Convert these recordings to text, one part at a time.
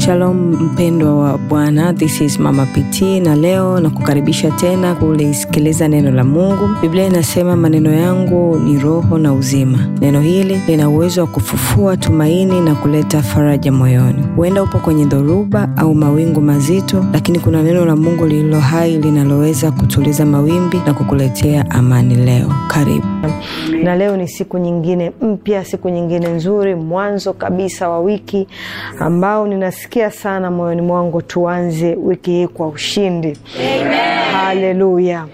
Shalom mpendwa wa Bwana, this is Mama PT na leo na kukaribisha tena kulisikiliza neno la Mungu. Biblia inasema maneno yangu ni roho na uzima. Neno hili lina uwezo wa kufufua tumaini na kuleta faraja moyoni. Huenda upo kwenye dhoruba au mawingu mazito, lakini kuna neno la Mungu lililo hai linaloweza kutuliza mawimbi na kukuletea amani. Leo karibu na leo ni siku nyingine mpya, siku nyingine nzuri, mwanzo kabisa wa wiki ambao ninasikia nasikia sana moyoni mwangu tuanze wiki hii kwa ushindi. Haleluya!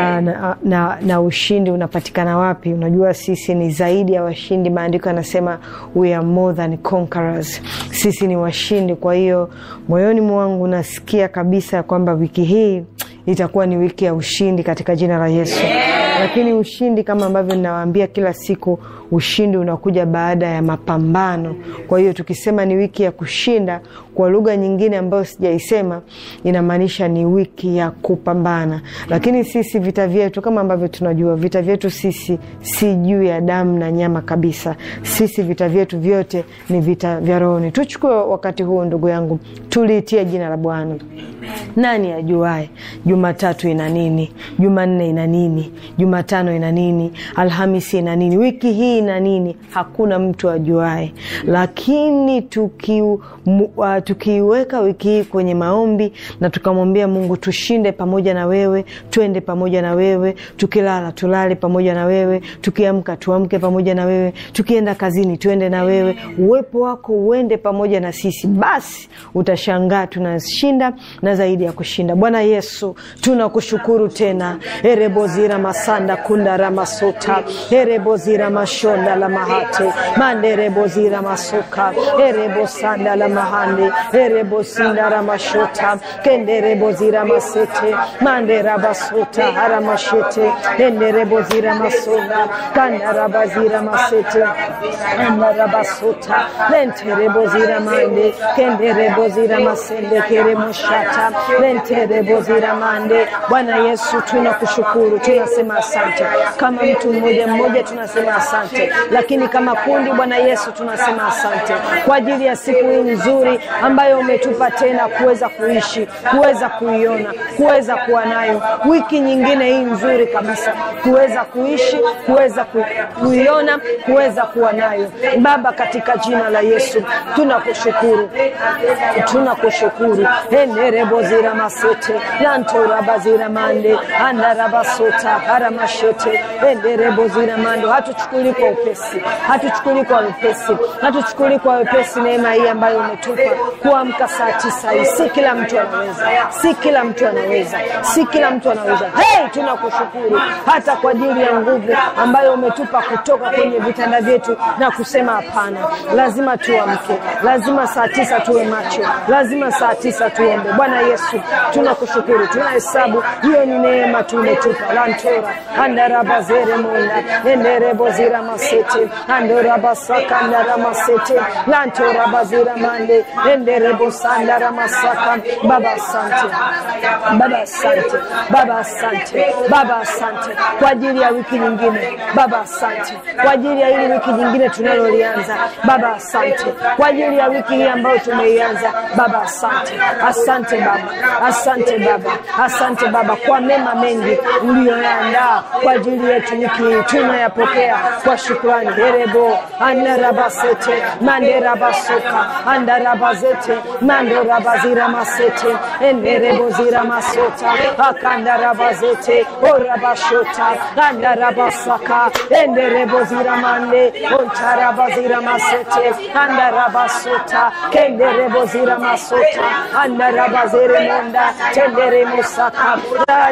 Ah, na, ah, na, na ushindi unapatikana wapi? Unajua sisi ni zaidi ya washindi. Maandiko yanasema we are more than conquerors, sisi ni washindi. Kwa hiyo moyoni mwangu nasikia kabisa kwamba wiki hii itakuwa ni wiki ya ushindi katika jina la Yesu. Lakini ushindi kama ambavyo ninawaambia kila siku, ushindi unakuja baada ya mapambano. Kwa hiyo tukisema ni wiki ya kushinda, kwa lugha nyingine ambayo sijaisema inamaanisha ni wiki ya kupambana. Lakini sisi vita vyetu kama ambavyo tunajua, vita vyetu sisi si juu ya damu na nyama kabisa. Sisi vita vyetu vyote ni vita vya rohoni. Tuchukue wakati huu, ndugu yangu, tuliitia jina la Bwana. Nani ajuae Jumatatu ina nini? Jumanne ina nini? Jumatano ina nini? Alhamisi ina nini? Wiki hii ina nini? Hakuna mtu ajuae, lakini tuki uh, tukiiweka wiki hii kwenye maombi na tukamwambia Mungu, tushinde pamoja na wewe, twende pamoja na wewe, tukilala tulale pamoja na wewe, tukiamka tuamke pamoja na wewe, tukienda kazini tuende na wewe, uwepo wako uende pamoja na sisi, basi utashangaa tunashinda na zaidi ya kushinda. Bwana Yesu, tunakushukuru tena erebozira masanda kunda ramasota erebozira mashonda la mahate manderebozira masuka erebosanda la mahande erebo sindara mashota kenderebo zira masete mandera basota hara mashete kenderebo zira masona kandara bazira masete amara basota lenterebo zira mande kenderebo zira masende kere moshata lenterebo zira mande Bwana Yesu tunakushukuru tunasema asante kama mtu mmoja mmoja tunasema asante lakini kama kundi Bwana Yesu tunasema asante kwa ajili ya siku hii nzuri ambayo umetupa tena kuweza kuishi, kuweza kuiona, kuweza kuwa nayo wiki nyingine hii nzuri kabisa, kuweza kuishi, kuweza kuiona, kuweza kuwa nayo Baba, katika jina la Yesu tunakushukuru, tunakushukuru enerebozira masete lantorabazira mande andarabasota haramashete enderebozira mando. Hatuchukuli kwa upesi, hatuchukuli kwa upesi, hatuchukuli kwa upesi neema hii ambayo umetupa kuamka saa tisa hii. Si kila mtu anaweza, si kila mtu anaweza, si kila mtu anaweza. Hey, tunakushukuru hata kwa ajili ya nguvu ambayo umetupa kutoka kwenye vitanda vyetu na kusema hapana, lazima tuamke, lazima saa tisa tuwe macho, lazima saa tisa tuombe. Bwana Yesu, tunakushukuru, tunahesabu hiyo ni neema tumetupa lantora andarabazeremona masete andorabasakandaramasete lantorabazira mande Rende rebo sanda ramasaka. Baba asante, Baba asante, Baba asante, Baba asante kwa ajili ya wiki nyingine. Baba asante kwa ajili ya hili wiki nyingine tunalolianza. Baba asante kwa ajili ya wiki hii ambayo tumeianza. Baba asante, asante Baba, asante Baba, asante Baba kwa mema mengi mliyoyaandaa kwa ajili yetu wiki hii, tunayapokea kwa shukrani. Derebo andarabasete manderabasoka andarabaze masete mando rabazira masete endere bozira masota akanda rabazete orabashota anda rabasaka endere bozira mande ontara bazira masete anda rabasota kendere bozira masota anda rabazere monda tendere musaka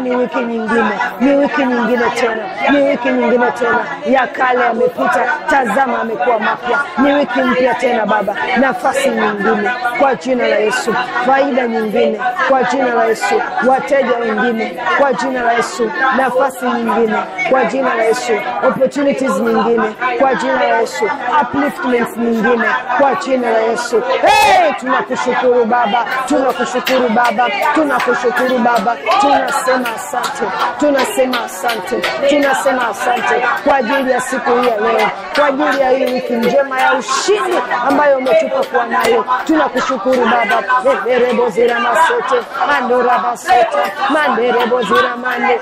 ni wiki nyingine ni wiki nyingine tena ni wiki nyingine tena ya kale yamepita tazama amekuwa mapya ni wiki mpya tena baba nafasi nyingine kwa jina la Yesu, faida nyingine kwa jina la Yesu, wateja wengine kwa jina la Yesu, nafasi nyingine kwa jina la Yesu, opportunities nyingine kwa jina la Yesu, upliftments nyingine kwa jina la Yesu. Hey, tunakushukuru Baba, tunakushukuru Baba, tunakushukuru Baba, tunasema asante, tunasema asante, tunasema asante kwa ajili ya siku hii ya leo, kwa ajili ya hii wiki njema ya ushindi ambayo umetupa kuwa nayo tuna kushukuru Baba. Eberebo bozira masote, manora basota, manderebo bozira mane,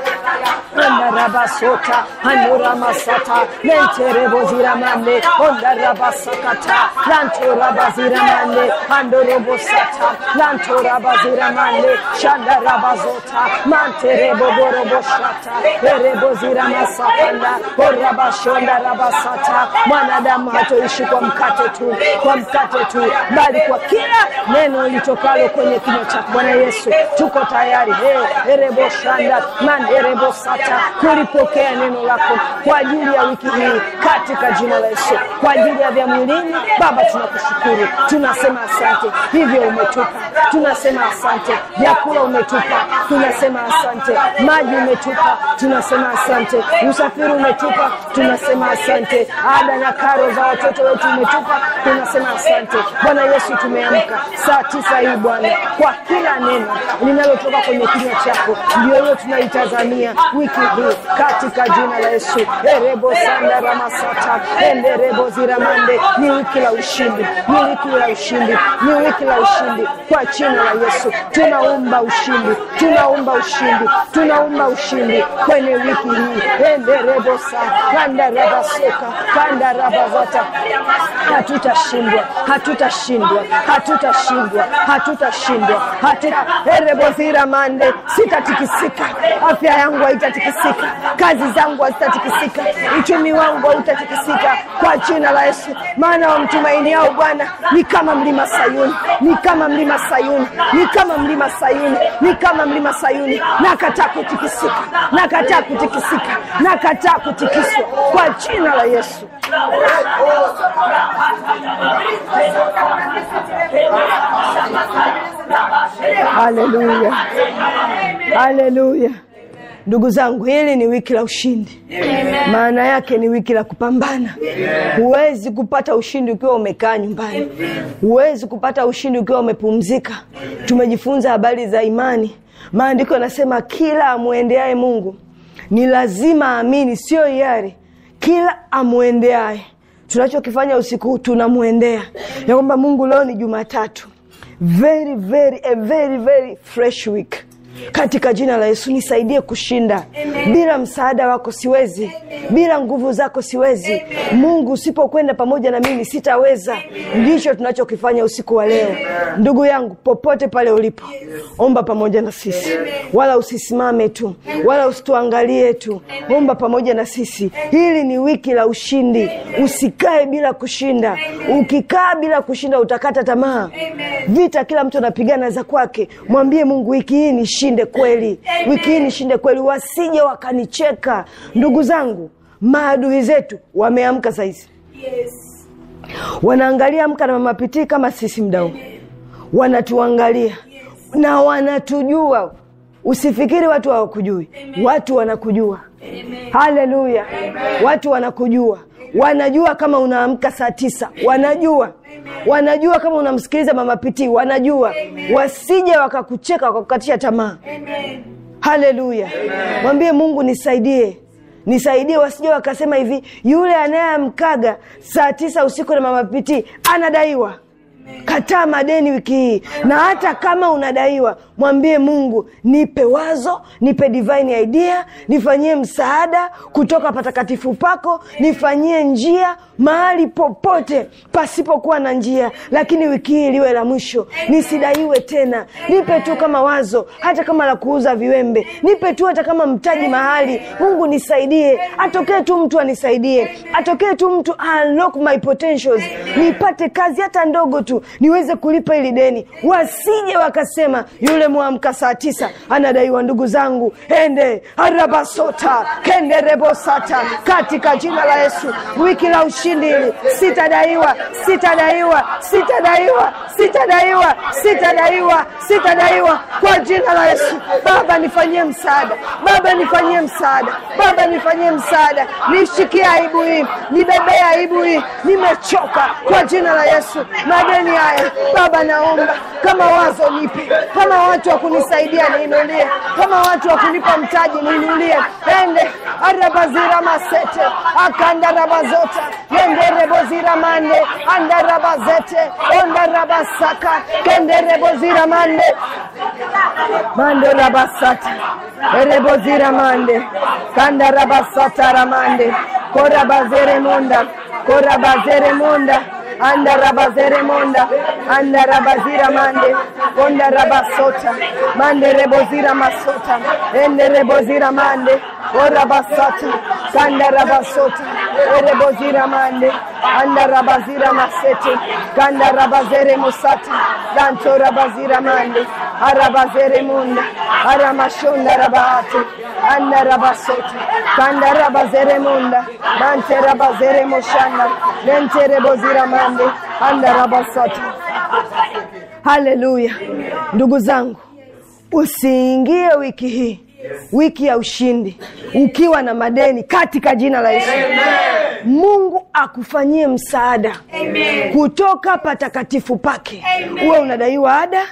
mandara basota, manora masata, lenterebo bozira mane, ondara basakata, lantora bazira mane, mandorobo sata, lantora bazira mane, shandara bazota, manterebo borobo shata, erebo zira masakanda, orabashonda rabasata, mwanadamu hatoishi kwa mkate tu, kwa mkate tu, bali kwa kila neno litokalo kwenye kinywa chako Bwana Yesu, tuko tayari hey, erebo shanda man erebo sata kulipokea neno lako kwa ajili ya wiki hii katika jina la Yesu, kwa ajili ya vya mwilini. Baba, tunakushukuru, tunasema asante, hivyo umetupa, tunasema asante, vyakula umetupa, tunasema asante, maji umetupa, tunasema asante, usafiri umetupa, tunasema asante, ada na karo za watoto wetu umetupa, tunasema asante Bwana Yesu tume umeamka saa tisa hii Bwana, kwa kila neno linalotoka kwenye kinywa chako, ndio hiyo tunaitazamia wiki hii katika jina la Yesu. erebo sanda ramasata rebo ziramande, ni wiki la ushindi, ni wiki la ushindi, ni wiki la ushindi kwa jina la Yesu. Tunaumba ushindi, tunaumba ushindi, tunaumba ushindi kwenye wiki hii enderebosa kandarabasoka kandarabazata, hatutashindwa, hatutashindwa hatutashindwa, hatutashindwa, hatuta erebozira mande. Sitatikisika, afya yangu haitatikisika, kazi zangu hazitatikisika, uchumi wangu hautatikisika kwa jina la Yesu, maana wamtumainiao Bwana ni kama mlima Sayuni, ni kama mlima Sayuni, ni kama mlima Sayuni, ni kama mlima Sayuni. Nakataa kutikisika, nakataa kutikisika, nakataa kutikiswa kwa jina la Yesu. Haleluya, haleluya. Ndugu zangu, hili ni wiki la ushindi. Amen. Maana yake ni wiki la kupambana. Huwezi kupata ushindi ukiwa umekaa nyumbani, huwezi kupata ushindi ukiwa umepumzika. Tumejifunza habari za imani. Maandiko yanasema kila amwendeaye Mungu ni lazima aamini, sio hiari, kila amwendeaye tunachokifanya usiku huu tunamwendea ya kwamba Mungu, leo ni Jumatatu, very very a very very fresh week katika jina la Yesu. Nisaidie kushinda. Amen. Bila msaada wako siwezi. Amen. Bila nguvu zako siwezi. Amen. Mungu usipokwenda pamoja na mimi sitaweza. Ndicho tunachokifanya usiku wa leo. Amen. Ndugu yangu, popote pale ulipo, yes. Omba pamoja na sisi. Amen. Wala usisimame tu. Amen. Wala usituangalie tu. Amen. Omba pamoja na sisi. Hili ni wiki la ushindi. Amen. Usikae bila kushinda. Amen. Ukikaa bila kushinda utakata tamaa. Amen. Vita kila mtu anapigana za kwake. Mwambie Mungu, wiki hii ni nishinde kweli, wiki hii nishinde kweli, wasije wakanicheka. Ndugu zangu, maadui zetu wameamka sahizi, Wanaangalia Amka na Mama kama sisi mdau, wanatuangalia na wanatujua. Usifikiri watu hawakujui, watu wanakujua. Haleluya, watu wanakujua, wanajua kama unaamka saa tisa, wanajua wanajua kama unamsikiliza mama pitii wanajua Amen. wasije wakakucheka wakakukatisha tamaa haleluya mwambie mungu nisaidie nisaidie wasije wakasema hivi yule anayemkaga saa tisa usiku na mama pitii anadaiwa Kataa madeni wiki hii, na hata kama unadaiwa, mwambie Mungu, nipe wazo, nipe divine idea, nifanyie msaada kutoka patakatifu pako, nifanyie njia mahali popote pasipokuwa na njia, lakini wiki hii liwe la mwisho, nisidaiwe tena. Nipe tu kama wazo, hata kama la kuuza viwembe, nipe tu hata kama mtaji mahali. Mungu nisaidie, atokee tu mtu anisaidie, atokee tu mtu unlock my potentials, nipate kazi hata ndogo tu tatu niweze kulipa ili deni, wasije wakasema yule mwamka saa tisa anadaiwa. Ndugu zangu, ende arabasota kende rebosata katika jina la Yesu, wiki la ushindi hili sitadaiwa, sitadaiwa, sitadaiwa, sitadaiwa, sitadaiwa, sitadaiwa kwa jina la Yesu. Baba nifanyie msaada, Baba nifanyie msaada, Baba nifanyie msaada, nishikie aibu hii, nibebee aibu hii, nimechoka kwa jina la Yesu. Madeni maskini haya Baba, naomba kama wazo nipe, kama watu wa kunisaidia niinulie, kama watu wa kunipa mtaji niinulie. ende arabaziramasete akandarabazota kendereboziramande andarabazete ondarabasaka kendereboziramande mandorabasata ereboziramande kandarabasataramande korabazeremunda korabazeremunda anda rabazere monda, anda rabazira mande, onda rabasota, mande rebozira masota, ende rebozira mande, o rabasata, sanda rabasota, o rebozira mande, anda rabazira masete ganda rabazere musata ganto rabazira mande arabazere munda aramashunda rabahate anda rabasota ganda rabazere munda mante rabazere mushana lente rebozira mande anda rabasota haleluya ndugu zangu usiingie wiki hii wiki ya ushindi ukiwa na madeni katika jina la Yesu. Mungu akufanyie msaada Amen. kutoka patakatifu pake. Uwe unadaiwa ada,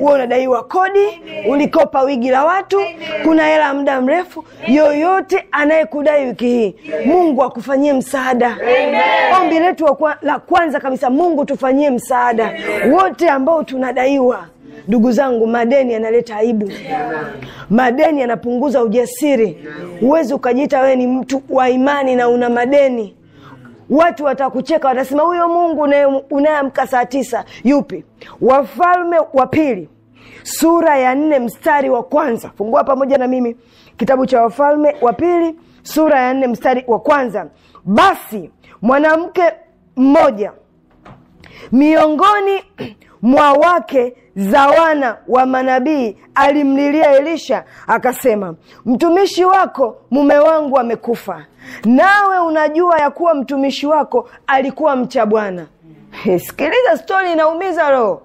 uwe unadaiwa kodi Amen. ulikopa wigi la watu Amen. kuna hela ya muda mrefu, yoyote anayekudai wiki hii Mungu akufanyie msaada Amen. Ombi letu la kwanza kabisa, Mungu tufanyie msaada Amen. wote ambao tunadaiwa Ndugu zangu, madeni yanaleta aibu, madeni yanapunguza ujasiri. Huwezi ukajiita wewe ni mtu wa imani na una madeni. Watu watakucheka, watasema huyo Mungu unayeamka saa tisa yupi? Wafalme wa Pili sura ya nne mstari wa kwanza. Fungua pamoja na mimi kitabu cha Wafalme wa Pili sura ya nne mstari wa kwanza. Basi mwanamke mmoja miongoni mwa wake za wana wa manabii alimlilia Elisha akasema, mtumishi wako mume wangu amekufa, nawe unajua ya kuwa mtumishi wako alikuwa mcha Bwana. Sikiliza, stori inaumiza roho.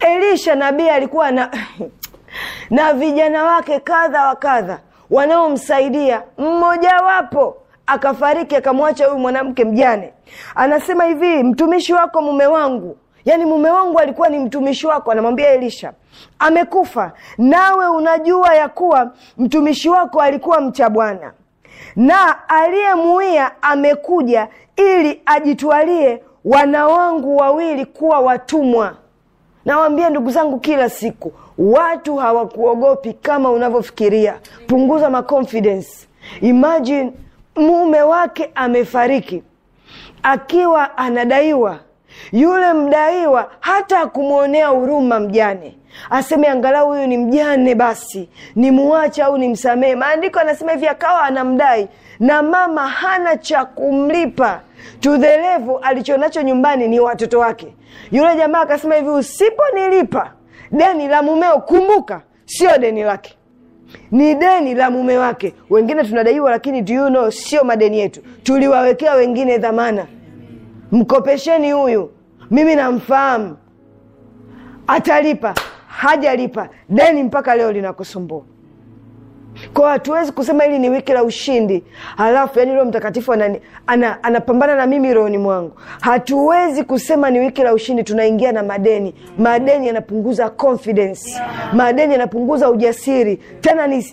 Elisha nabii alikuwa na na vijana wake kadha wa kadha wanaomsaidia, mmojawapo akafariki, akamwacha huyu mwanamke mjane. Anasema hivi, mtumishi wako mume wangu yaani mume wangu alikuwa ni mtumishi wako anamwambia elisha amekufa nawe unajua ya kuwa mtumishi wako alikuwa mcha bwana na aliyemuia amekuja ili ajitwalie wana wangu wawili kuwa watumwa nawambia ndugu zangu kila siku watu hawakuogopi kama unavyofikiria punguza makonfidensi imajini mume wake amefariki akiwa anadaiwa yule mdaiwa hata kumwonea huruma mjane, aseme angalau huyu ni mjane, basi nimuache au nimsamehe. Maandiko anasema hivi, akawa anamdai na mama hana cha kumlipa, tudherevu alichonacho nyumbani ni watoto wake. Yule jamaa akasema hivi, usiponilipa deni la mumeo, kumbuka sio deni lake ni deni la mume wake. Wengine tunadaiwa, lakini do you know, sio madeni yetu, tuliwawekea wengine dhamana mkopesheni huyu, mimi namfahamu, atalipa hajalipa, deni mpaka leo linakusumbua kwao hatuwezi kusema hili ni wiki la ushindi halafu yani roho mtakatifu anapambana ana, ana na mimi rohoni mwangu hatuwezi kusema ni wiki la ushindi tunaingia na madeni madeni yanapunguza confidence madeni yanapunguza ujasiri tena ni,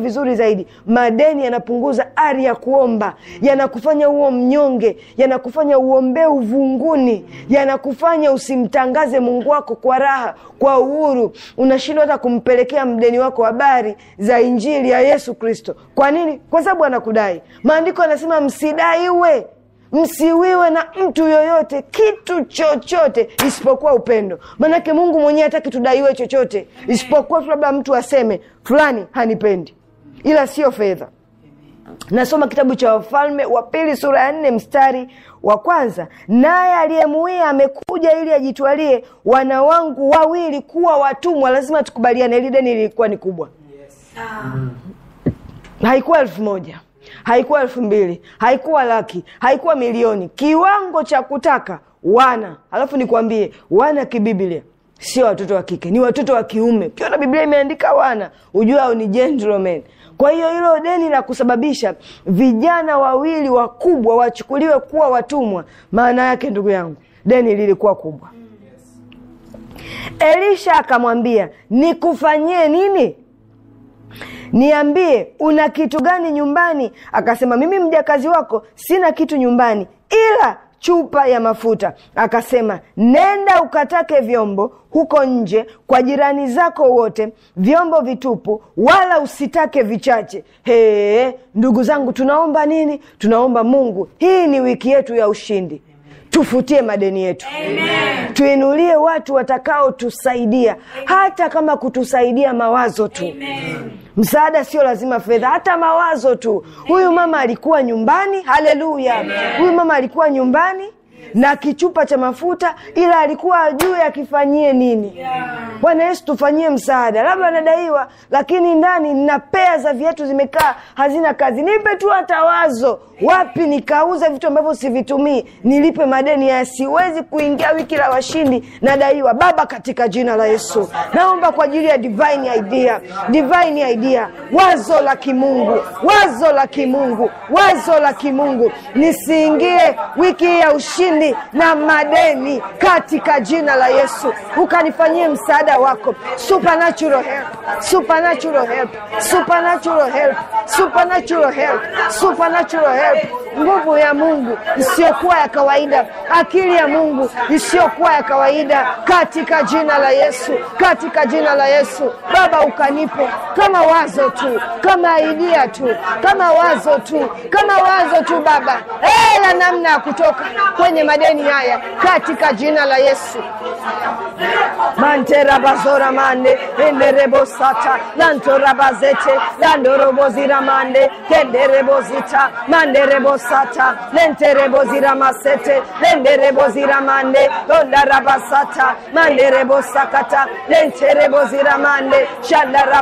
vizuri zaidi madeni yanapunguza ari ya kuomba yanakufanya uo mnyonge yanakufanya uombee uvunguni yanakufanya usimtangaze mungu wako kwa raha kwa uhuru unashindwa hata kumpelekea mdeni wako habari za injili ya Yesu Kristo. Kwa nini? Kwa sababu anakudai. Maandiko anasema msidaiwe, msiwiwe na mtu yoyote kitu chochote isipokuwa upendo. Maanake Mungu mwenyewe hataki tudaiwe chochote, isipokuwa tu labda mtu aseme fulani hanipendi, ila sio fedha. Nasoma kitabu cha Wafalme wa Pili sura ya nne mstari wa kwanza, naye aliyemuia amekuja ili ajitwalie wana wangu wawili kuwa watumwa. Lazima tukubaliane, ile deni lilikuwa ni kubwa. Yes. Mm haikuwa elfu moja haikuwa elfu mbili haikuwa laki haikuwa milioni kiwango cha kutaka wana alafu nikwambie wana kibiblia sio watoto wa kike ni watoto wa kiume ukiona biblia imeandika wana ujuao ni gentleman kwa hiyo hilo deni la kusababisha vijana wawili wakubwa wachukuliwe kuwa watumwa maana yake ndugu yangu deni lilikuwa kubwa mm. elisha akamwambia nikufanyie nini niambie una kitu gani nyumbani akasema mimi mjakazi wako sina kitu nyumbani ila chupa ya mafuta akasema nenda ukatake vyombo huko nje kwa jirani zako wote vyombo vitupu wala usitake vichache hee ndugu zangu tunaomba nini tunaomba mungu hii ni wiki yetu ya ushindi tufutie madeni yetu Amen. tuinulie watu watakaotusaidia hata kama kutusaidia mawazo tu Amen Msaada sio lazima fedha, hata mawazo tu. Huyu mama alikuwa nyumbani. Haleluya! Huyu mama alikuwa nyumbani na kichupa cha mafuta, ila alikuwa ajui akifanyie nini. Yeah. Bwana Yesu, tufanyie msaada. Labda anadaiwa, lakini ndani na pea za viatu zimekaa hazina kazi. Nipe tu hata wazo, wapi nikauza vitu ambavyo sivitumii, nilipe madeni ya siwezi kuingia wiki la washindi. Nadaiwa Baba, katika jina la Yesu naomba kwa ajili ya divine idea, divine idea, wazo la kimungu, wazo la kimungu, wazo la kimungu, nisiingie wiki ya ushindi mali na madeni katika jina la Yesu, ukanifanyie msaada wako, supernatural help, supernatural help, supernatural help, supernatural help, supernatural help, nguvu ya Mungu isiyokuwa ya kawaida, akili ya Mungu isiyokuwa ya kawaida, katika jina la Yesu, katika jina la Yesu. Baba, ukanipe kama wazo tu, kama idea tu, kama wazo tu, kama wazo tu Baba, ela eh, namna ya kutoka kwenye madeni haya katika jina la Yesu. mantera bazora mande mande mande masete enderebosata lantorabazete landoroboziramande kenderebozita manderebosata mande lendereboziramande londarabasata manderebosakata lentereboziramande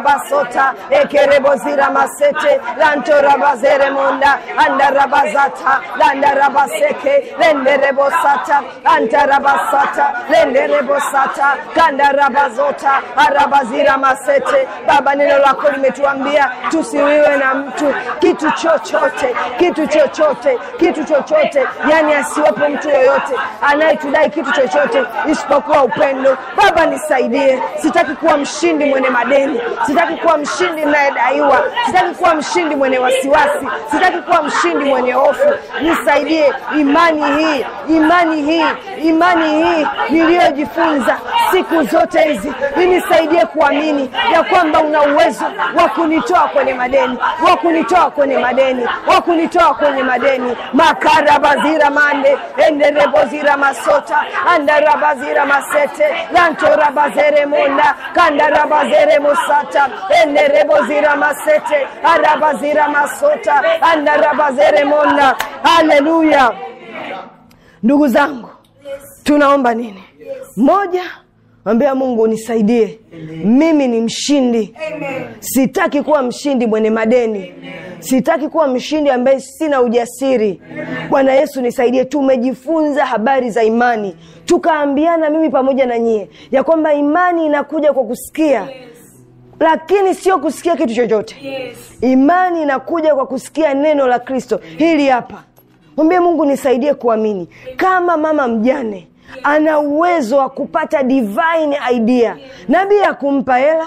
masete ekereboziramasete lantorabazere monda andarabazata landarabaseke lenderebo Kandarabosata, Antarabasata, Lenderebosata, Kandarabazota, Arabazira Masete. Baba, neno lako limetuambia tusiwiwe na mtu kitu chochote, kitu chochote, kitu chochote, yani asiwepo mtu yoyote anayetudai kitu chochote isipokuwa upendo. Baba, nisaidie, sitaki kuwa mshindi mwenye madeni, sitaki kuwa mshindi mnayedaiwa, sitaki kuwa mshindi mwenye wasiwasi, sitaki kuwa mshindi mwenye hofu. Nisaidie imani hii imani hii, imani hii niliyojifunza siku zote hizi inisaidie kuamini ya kwamba una uwezo wa kunitoa kwenye madeni, wa kunitoa kwenye madeni, wa kunitoa kwenye madeni. makarabazira mande enderebozira masota andarabazira masete kandarabazere kandarabazeremosata enderebozira masete arabazira masota munda Haleluya! ndugu zangu yes. tunaomba nini yes. moja ambia mungu nisaidie Amen. mimi ni mshindi Amen. sitaki kuwa mshindi mwenye madeni Amen. sitaki kuwa mshindi ambaye sina ujasiri bwana yesu nisaidie tumejifunza habari za imani tukaambiana mimi pamoja na nyie ya kwamba imani inakuja kwa kusikia yes lakini sio kusikia kitu chochote yes. imani inakuja kwa kusikia neno la kristo hili hapa mwambie mungu nisaidie kuamini kama mama mjane ana uwezo wa kupata divine idea nabii ya kumpa hela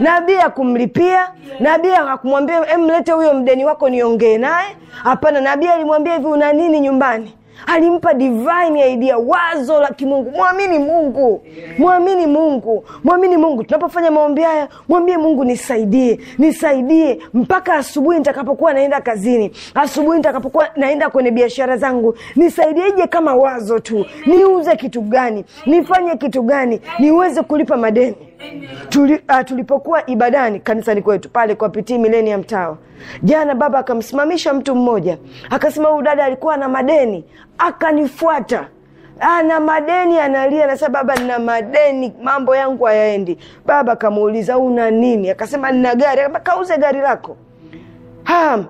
nabii ya kumlipia nabii akumwambia emlete huyo mdeni wako niongee naye hapana nabii alimwambia hivi una nini nyumbani alimpa divine idea, wazo la kimungu. Mwamini Mungu, mwamini Mungu, mwamini Mungu. Tunapofanya maombi haya, mwambie Mungu, nisaidie, nisaidie mpaka asubuhi nitakapokuwa naenda kazini, asubuhi nitakapokuwa naenda kwenye biashara zangu, nisaidieje kama wazo tu, niuze kitu gani, nifanye kitu gani, niweze kulipa madeni Tuli, uh, tulipokuwa ibadani kanisani kwetu pale kwa pitii Millennium Tower jana, baba akamsimamisha mtu mmoja akasema, huyu dada alikuwa na madeni, akanifuata ana ah, madeni, analia na anasema, baba, nina madeni, mambo yangu hayaendi. Baba akamuuliza una nini? Akasema nina gari. Akasema kauze gari lako. Ha,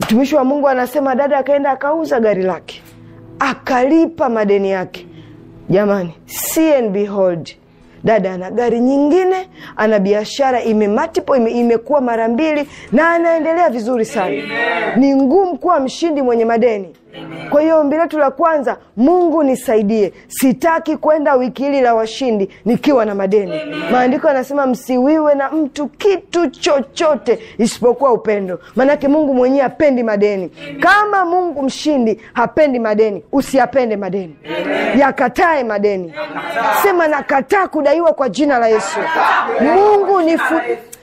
mtumishi wa Mungu anasema dada akaenda akauza gari lake akalipa madeni yake. Jamani, see and behold Dada ana gari nyingine, ana biashara ime ime, imekuwa mara mbili na anaendelea vizuri sana. Amen. Ni ngumu kuwa mshindi mwenye madeni. Kwa hiyo ombi letu la kwanza, Mungu nisaidie, sitaki kwenda wiki hili la washindi nikiwa na madeni. Maandiko yanasema msiwiwe na mtu kitu chochote isipokuwa upendo, maanake Mungu mwenyewe hapendi madeni. Kama Mungu mshindi hapendi madeni, usiyapende madeni, yakatae madeni. Sema nakataa kudaiwa kwa jina la Yesu. Mungu nifu,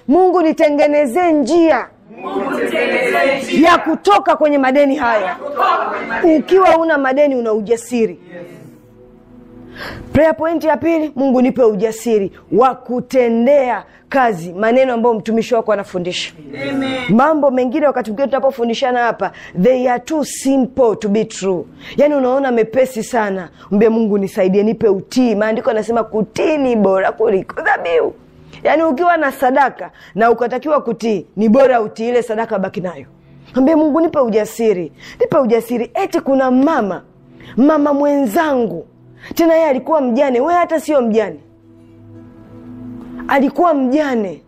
Mungu nitengenezee njia ya kutoka kwenye madeni haya. Ukiwa una madeni, una ujasiri Prayer point ya pili, Mungu nipe ujasiri wa kutendea kazi maneno ambayo mtumishi wako anafundisha. Mambo mengine wakati mwingine tunapofundishana hapa, they are too simple to be true, yaani unaona mepesi sana. Mbe Mungu nisaidie, nipe utii. Maandiko anasema kutii ni bora kuliko dhabihu yaani ukiwa na sadaka na ukatakiwa kutii ni bora utii ile sadaka baki nayo ambie mungu nipe ujasiri nipe ujasiri eti kuna mama mama mwenzangu tena yeye alikuwa mjane wee hata sio mjane alikuwa mjane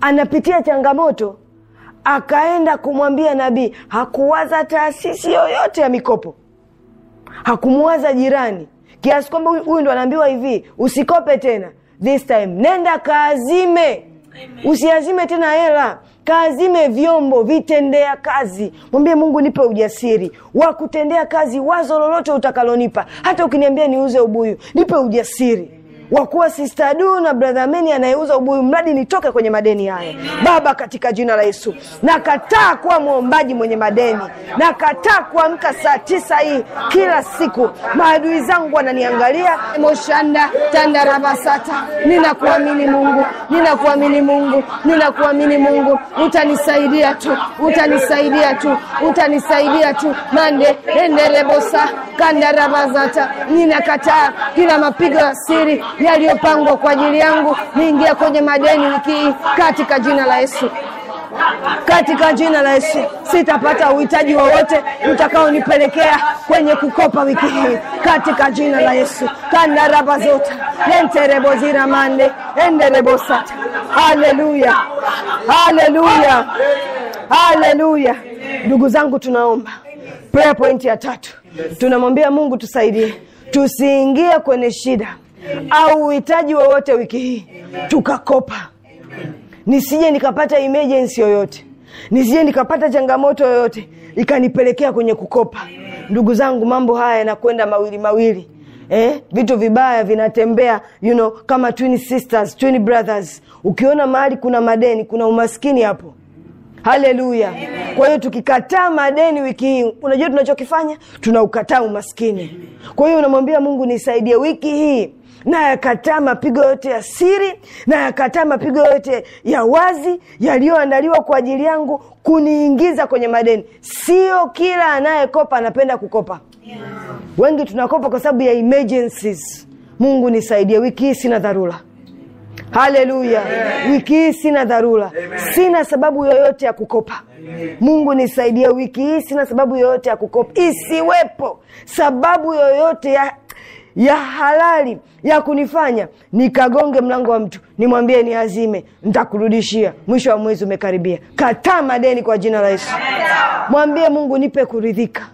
anapitia changamoto akaenda kumwambia nabii hakuwaza taasisi yoyote ya mikopo hakumuwaza jirani kiasi kwamba huyu ndo anaambiwa hivi usikope tena this time nenda kaazime usiazime tena hela kaazime vyombo vitendea kazi mwambie mungu nipe ujasiri wa kutendea kazi wazo lolote utakalonipa hata ukiniambia niuze ubuyu nipe ujasiri wakuwa duu na brother Meni anayeuza ubuyu, mradi nitoke kwenye madeni hayo Baba, katika jina la Yesu. Nakataa kuwa mwombaji mwenye madeni, nakataa kuamka saa tisa hii kila siku. Maadui zangu wananiangalia moshanda tandarabasata. Ninakuamini Mungu, ninakuamini Mungu, ninakuamini Mungu, utanisaidia tu, utanisaidia tu, utanisaidia tu. mande endelebosa kandarabazata. Ninakataa kila mapigo ya siri yaliyopangwa kwa ajili yangu, niingia kwenye madeni wiki hii katika jina la Yesu. Katika jina la Yesu sitapata uhitaji wowote utakaonipelekea kwenye kukopa wiki hii katika jina la Yesu. kandaraba zota lenterebo ziramande enderebo sata. Haleluya, haleluya, haleluya! Ndugu zangu, tunaomba prayer point ya tatu, tunamwambia Mungu tusaidie tusiingie kwenye shida au uhitaji wowote wiki hii tukakopa, nisije nikapata emergency yoyote, nisije nikapata changamoto yoyote ikanipelekea kwenye kukopa. Ndugu zangu, mambo haya yanakwenda mawili mawili. Eh, vitu vibaya vinatembea you know, kama twin sisters, twin brothers. Ukiona mahali kuna madeni, kuna umaskini hapo. Haleluya! Kwa hiyo tukikataa madeni wiki hii, unajua tunachokifanya, tunaukataa umaskini. Kwa hiyo unamwambia Mungu, nisaidie wiki hii na yakataa mapigo yote ya siri na yakataa mapigo yote ya wazi yaliyoandaliwa kwa ajili yangu kuniingiza kwenye madeni. Sio kila anayekopa anapenda kukopa, yeah. Wengi tunakopa kwa sababu ya emergencies. Mungu nisaidie, wiki hii sina dharura. Haleluya, wiki hii sina dharura, sina sababu yoyote ya kukopa. Amen. Mungu nisaidie, wiki hii sina sababu yoyote ya kukopa, isiwepo sababu yoyote ya ya halali ya kunifanya nikagonge mlango wa mtu nimwambie ni azime, ntakurudishia. Mwisho wa mwezi umekaribia, kataa madeni kwa jina la Yesu. Mwambie Mungu, nipe kuridhika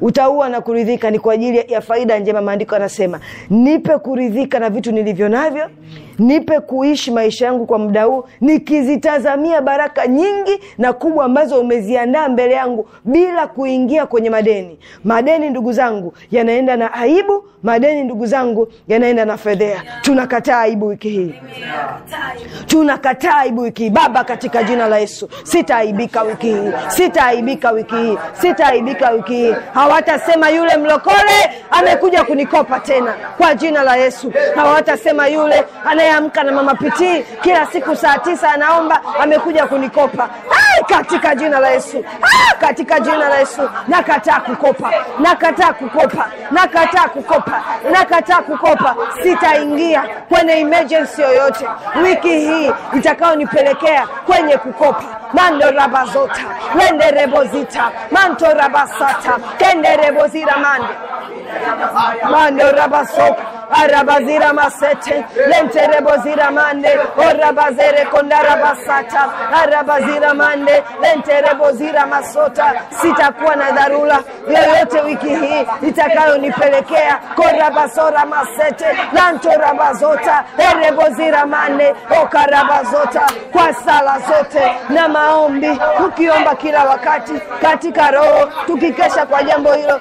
utaua na kuridhika ni kwa ajili ya faida njema. Maandiko anasema nipe kuridhika na vitu nilivyo navyo, nipe kuishi maisha yangu kwa muda huu nikizitazamia baraka nyingi na kubwa ambazo umeziandaa mbele yangu bila kuingia kwenye madeni. Madeni ndugu zangu yanaenda na aibu, madeni ndugu zangu yanaenda na fedhea. Tunakataa aibu wiki hii, tunakataa aibu wiki hii. Baba, katika jina la Yesu, sitaaibika wiki hii, sitaaibika wiki hii, sitaaibika wiki hii. Hawatasema yule mlokole amekuja kunikopa tena, kwa jina la Yesu. Hawatasema yule ane ameamka na mama pitii kila siku saa tisa anaomba amekuja kunikopa. Ay, katika jina la Yesu. Ay, katika jina la Yesu, nakataa kukopa, nakataa kukopa, nakataa kukopa, nakataa kukopa. Sitaingia kwenye emergency yoyote wiki hii itakayonipelekea kwenye kukopa. mando rabazota wende rebozita manto rabasata kende rebozira mande mando rabasoka arabazira masete lenterebozira mande orabazere kondarabasata arabazira mande lenterebozira masota sitakuwa na dharura yoyote wiki hii itakayonipelekea korabasora masete lantorabazota erebozira mande okarabazota kwa sala zote na maombi tukiomba kila wakati katika roho tukikesha kwa jambo hilo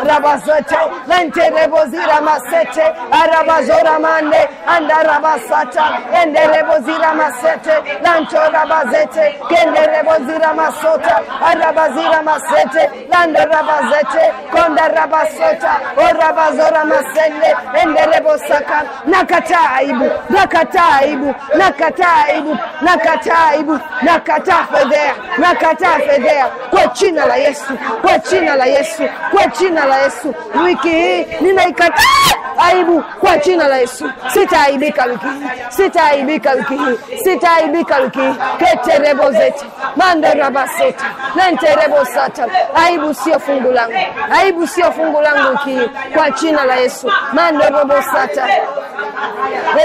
karabazota lenterebozira masete masete arabazora mande andarabasata enderebozira masete lanchorabazete kenderebozira masota arabazira masete landarabazete kondarabasota orabazora masende enderebosaka nakataibu nakataibu nakataibu nakataibu nakata fedhea nakata fedhea kwa china la Yesu kwa china la Yesu kwa china la Yesu wiki hii ninaikataa aibu kwa jina la Yesu. Sitaaibika wiki hii, sitaaibika wiki hii, sitaaibika wiki hii. keterebo zeti manderabaseta nenterebo sata. Aibu sio fungu langu, aibu sio fungu langu wiki hii kwa jina la Yesu. manderebo sata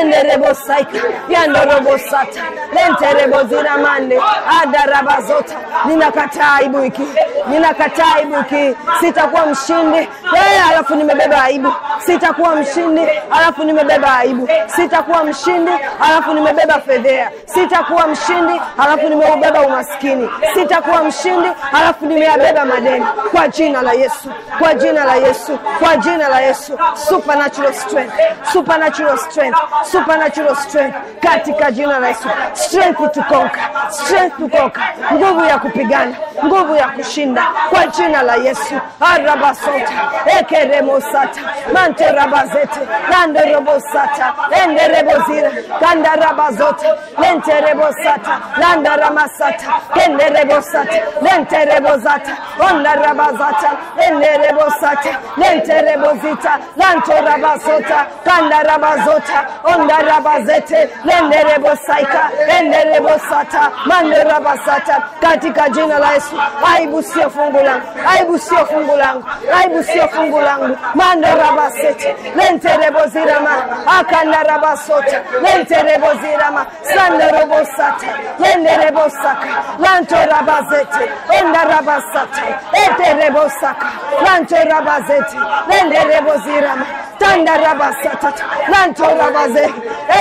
enderebo saika yandorobo sata lenterebo ziramande adarabazota. Ninakataa aibu wiki hii, ninakataa aibu wiki hii. Sitakuwa mshindi, eh, alafu nimebeba aibu, sitakuwa mshindi mshindi alafu nimebeba aibu, sitakuwa mshindi alafu nimebeba fedhea, sitakuwa mshindi alafu nimeubeba umaskini, sitakuwa mshindi alafu nimeyabeba madeni. Kwa jina la Yesu, kwa jina la Yesu, kwa jina la Yesu, supernatural strength, supernatural strength, supernatural strength katika jina la Yesu, strength to conquer, strength to conquer, nguvu ya kupigana, nguvu ya kushinda kwa jina la Yesu arabasota ekeremosata manterabaza zete kando rebo sata ende rebo zira kanda raba zote lente rebo sata landa rama sata kende rebo sata lente rebo zata onda raba zata ende rebo sata lente rebo zita lanto raba sota kanda raba zota onda raba zete lende rebo saika lende rebo sata mande raba sata katika jina la Yesu aibu sio fungu langu aibu sio fungu langu aibu sio fungu langu mando raba sete mentere bozirama akanlara basota mentere bozirama sandero bosate yendere bosaka lantora bazete endara basate etere bosaka lantora bazete rendere bozirama tandara basata lantora baze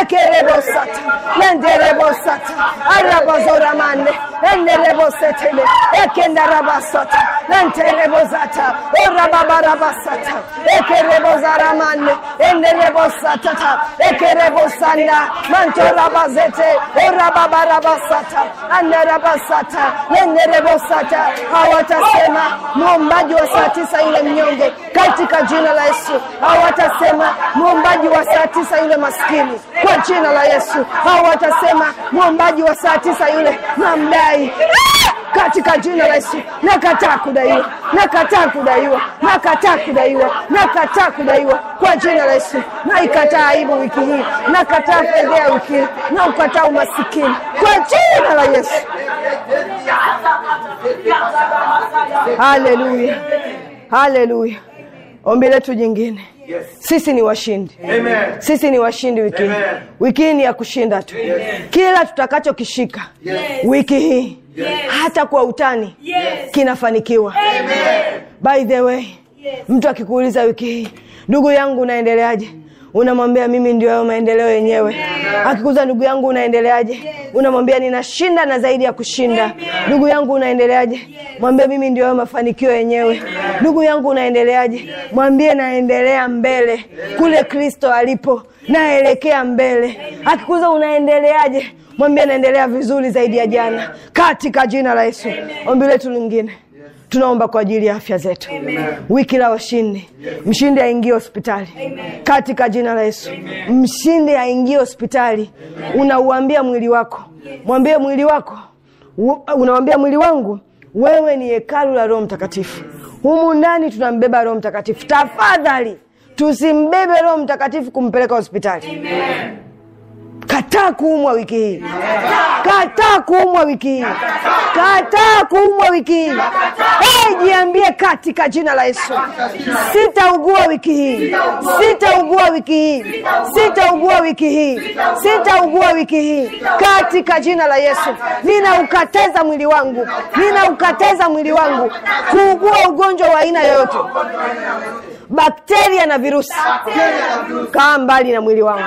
ekere bosata mendere bosata arabazora mande endere bosetele ekendara basata lentere bozata orababara basata ekere bozaramande endelebosatata ekerebosanda mantorabazete orababarabasata andarabasata nenderebosata hawatasema muombaji wa saa tisa yule mnyonge katika jina la yesu hawatasema muombaji wa saa tisa yule maskini kwa jina la yesu hawatasema muombaji wa saa tisa yule mamdai katika jina la Yesu. Nakataa kudaiwa, nakataa kudaiwa, nakataa kudaiwa, nakataa kudaiwa kwa China rais, naikataa aibu wiki hii, nakataa fedhea wiki hii, na ukataa umasikini kwa jina la Yesu. Haleluya, haleluya. Ombi letu jingine Yes. Sisi ni washindi Amen. Sisi ni washindi wiki hii, wiki hii ni ya kushinda tu yes. Kila tutakachokishika yes. wiki hii yes. hata kwa utani yes. kinafanikiwa Amen. By the way yes. mtu akikuuliza wiki hii ndugu yangu unaendeleaje? Unamwambia mimi ndio hayo maendeleo yenyewe. Akikuza ndugu yangu unaendeleaje? Unamwambia ninashinda na zaidi ya kushinda. Ndugu yangu unaendeleaje? Mwambie mimi ndio hayo mafanikio yenyewe. Ndugu yangu unaendeleaje? Mwambie naendelea mbele kule Kristo alipo, naelekea mbele. Akikuza unaendeleaje? Mwambie naendelea vizuri zaidi ya jana, katika jina la Yesu. Ombi letu lingine tunaomba kwa ajili ya afya zetu Amen. wiki la washindi yes. mshindi aingie hospitali katika jina la Yesu Amen. mshindi aingie hospitali. Unauambia mwili wako yes. mwambie mwili wako, unawambia mwili wangu, wewe ni hekalu la Roho Mtakatifu. Humu ndani tunambeba Roho Mtakatifu. Tafadhali tusimbebe Roho Mtakatifu kumpeleka hospitali Amen. Kataa kuumwa wiki hii, kataa kuumwa wiki hii, kataa kuumwa wiki hii. Hey, jiambie katika jina la Yesu, sitaugua wiki hii, sitaugua wiki hii, sitaugua wiki hii, sitaugua wiki hii, katika jina la Yesu. Ninaukateza mwili wangu, ninaukateza mwili wangu kuugua ugonjwa wa aina yoyote bakteria na virusi, kaa mbali na mwili wangu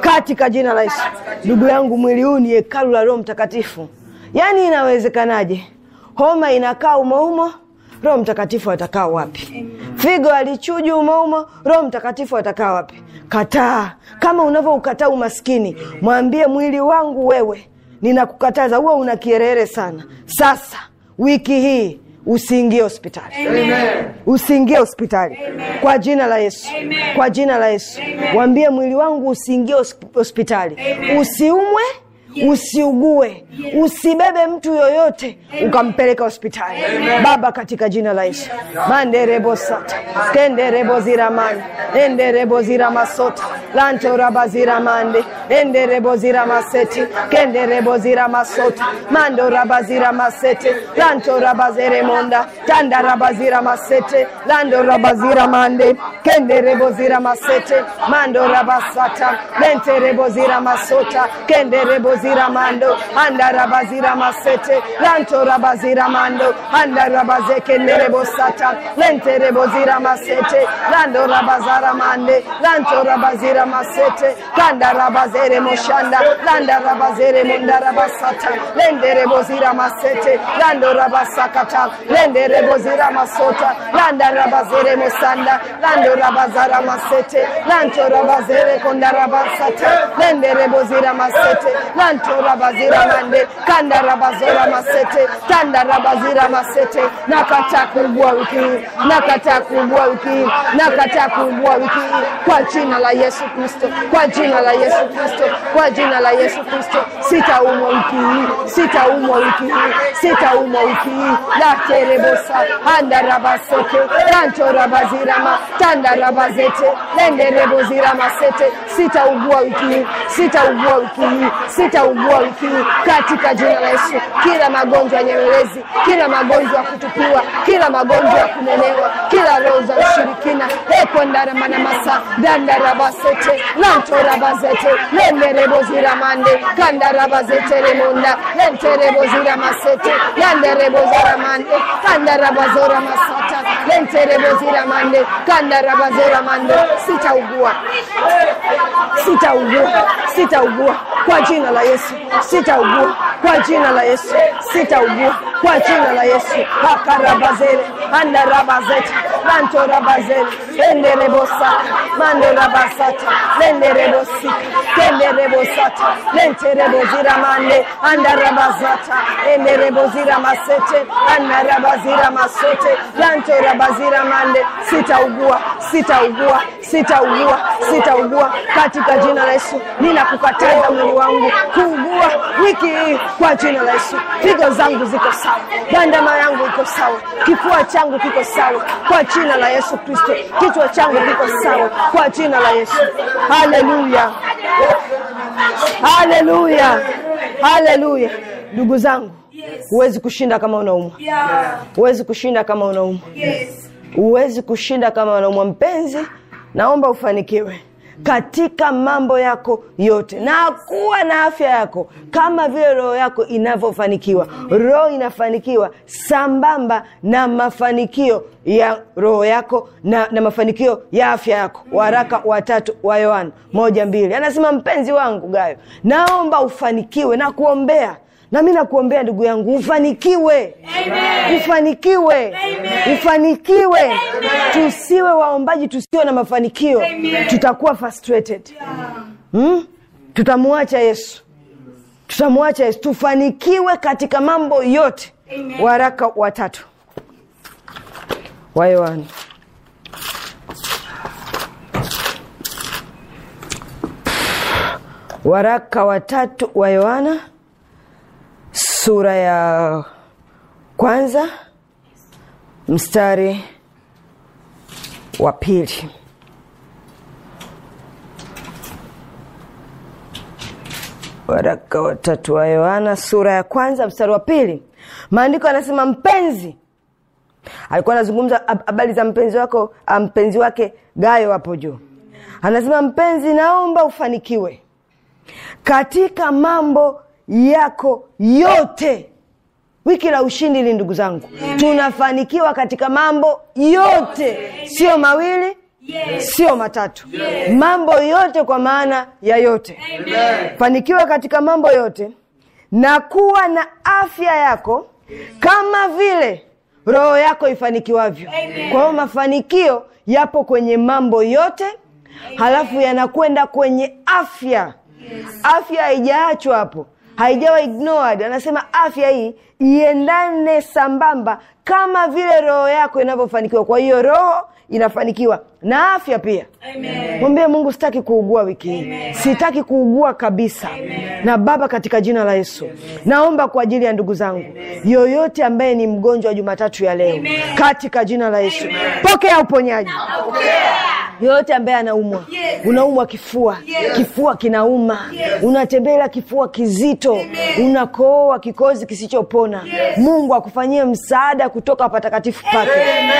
katika jina la Yesu. Ndugu yangu, mwili huu ni hekalu la Roho Mtakatifu. Yaani, inawezekanaje homa inakaa umoumo Roho Mtakatifu atakaa wapi? Figo alichuju umoumo, Roho Mtakatifu atakaa wapi? Kataa kama unavyoukataa umaskini, mwambie mwili wangu, wewe ninakukataza, huwa una kierere sana. Sasa wiki hii usiingie hospitali, usiingie hospitali kwa jina la Yesu, kwa jina la Yesu. Waambie mwili wangu usiingie hospitali, usiumwe usiugue, usibebe mtu yoyote ukampeleka hospitali. Baba, katika jina la Yesu, manderebosata sata tenderebo ziramani enderebo ziramasota lantoraba ziramande enderebo ziramaseti kenderebo ziramasota mandoraba ziramasete lantoraba zeremonda tandaraba ziramasete landoraba ziramande kenderebo ziramasete mandoraba sata lenterebo ziramasota kenderebo rabazira mando anda rabazira masete lanto rabazira mando anda rabazeke nerebo sata lente rebozira masete lando rabazara mande lanto rabazira masete kanda rabazere moshanda landa rabazere munda rabasata lende rebozira masete lando rabasakata lende rebozira masota landa rabazere mosanda lando rabazara masete lanto rabazere konda rabasata lende rebozira masete lando kanto rabazira mande kanda rabazira masete tanda rabazira masete nakata kubwa wiki nakata kubwa wiki nakata kubwa wiki kwa jina la Yesu Kristo kwa jina la Yesu Kristo kwa jina la Yesu Kristo sita umo wiki sita umo wiki sita umo wiki hii la terebosa handa rabasete kanto ma tanda rabazete lende rebozira masete sita sitaugua wiki sita sitaugua wiki sita yataugua wiki hii katika jina la Yesu. Kila magonjwa ya nyelelezi, kila magonjwa ya kutupiwa, kila magonjwa ya kunenewa, kila roho za ushirikina ekondaramanamas dandarabasete lantorabazete lendereboziramande kandarabazeteremonda lentereboziramazete landerebozaramande kandarabazoramasata lentereboziramande kandarabazoramande. Sitaugua, sitaugua, sitaugua kwa jina la Yesu sitaugua, kwa jina la Yesu sitaugua, kwa jina la Yesu akarabazele andarabazete mantorabazele lenderebosa mandorabasata lenderebosika tenderebosata lentereboziramande andarabazata endereboziramasete andarabaziramasete lantorabaziramande sitaugua, sitaugua, sitaugua, sitaugua katika jina la Yesu ninakukataza mwili wangu kuugua wiki hii kwa jina la Yesu. Figo zangu ziko sawa, bandama yangu iko sawa, kifua changu kiko sawa kwa jina la Yesu Kristo. Kichwa changu kiko sawa kwa jina la Yesu. Haleluya, haleluya, haleluya. Ndugu zangu, huwezi kushinda kama unaumwa, huwezi kushinda kama unaumwa, huwezi kushinda kama unaumwa. Mpenzi, naomba ufanikiwe katika mambo yako yote na kuwa na afya yako kama vile roho yako inavyofanikiwa. Roho inafanikiwa sambamba na mafanikio ya roho yako na, na mafanikio ya afya yako. Waraka watatu wa Yohana moja mbili anasema, mpenzi wangu Gayo, naomba ufanikiwe na kuombea na mi nakuombea ndugu yangu ufanikiwe Amen. ufanikiwe Amen. ufanikiwe Amen. tusiwe waombaji tusiwe na mafanikio Amen. tutakuwa frustrated yeah. hmm? tutamwacha yesu tutamwacha yesu tufanikiwe katika mambo yote Amen. waraka watatu wa waraka watatu wa yohana sura ya kwanza mstari wa pili waraka watatu wa yohana sura ya kwanza mstari wa pili maandiko anasema mpenzi alikuwa anazungumza habari za mpenzi wako ah, mpenzi wake gayo hapo juu anasema mpenzi naomba ufanikiwe katika mambo yako yote wiki la ushindi li ndugu zangu tunafanikiwa katika mambo yote sio mawili Yes. Sio matatu yes. Mambo yote kwa maana ya yote Amen. Fanikiwa katika mambo yote na kuwa na afya yako kama vile roho yako ifanikiwavyo. Kwa hiyo mafanikio yapo kwenye mambo yote Amen. Halafu yanakwenda kwenye afya yes. Afya haijaachwa hapo, haijawa ignored. Anasema afya hii iendane sambamba kama vile roho yako inavyofanikiwa. Kwa hiyo roho inafanikiwa, na afya pia. Mwambie Mungu, sitaki kuugua wiki hii, sitaki kuugua kabisa. Amen. Na Baba, katika jina la Yesu naomba kwa ajili ya ndugu zangu, yoyote ambaye ni mgonjwa wa Jumatatu ya leo, katika jina la Yesu pokea uponyaji. Yoyote ambaye anaumwa, unaumwa kifua, kifua kinauma, unatembela kifua kizito, unakoa kikozi kisichopona, Mungu akufanyie msaada kutoka patakatifu pake,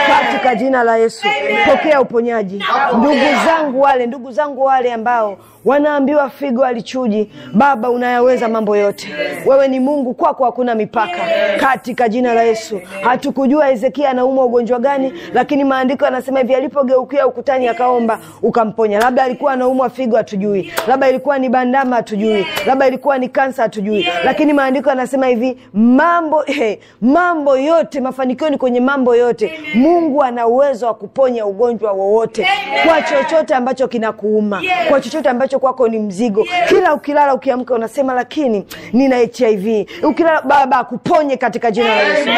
katika jina la Yesu pokea uponyaji unyonyaji. Ndugu zangu wale, ndugu zangu wale ambao wanaambiwa figo alichuji. Baba, unayaweza mambo yote, wewe ni Mungu, kwako hakuna mipaka. Katika jina la Yesu. Hatukujua Hezekia anaumwa ugonjwa gani, lakini maandiko yanasema hivi, alipogeukia ukutani akaomba, ukamponya. Labda alikuwa anaumwa figo, hatujui. Labda ilikuwa ni bandama, hatujui. Labda ilikuwa ni kansa, hatujui. Lakini maandiko yanasema hivi, mambo hey, mambo yote, mafanikio ni kwenye mambo yote. Mungu ana uwezo wa kuponya ugonjwa wowote, kwa chochote ambacho kinakuuma, kwa chochote ambacho ambacho kwako ni mzigo. Kila ukilala ukiamka unasema lakini nina HIV. Ukilala Baba akuponye katika jina la Yesu.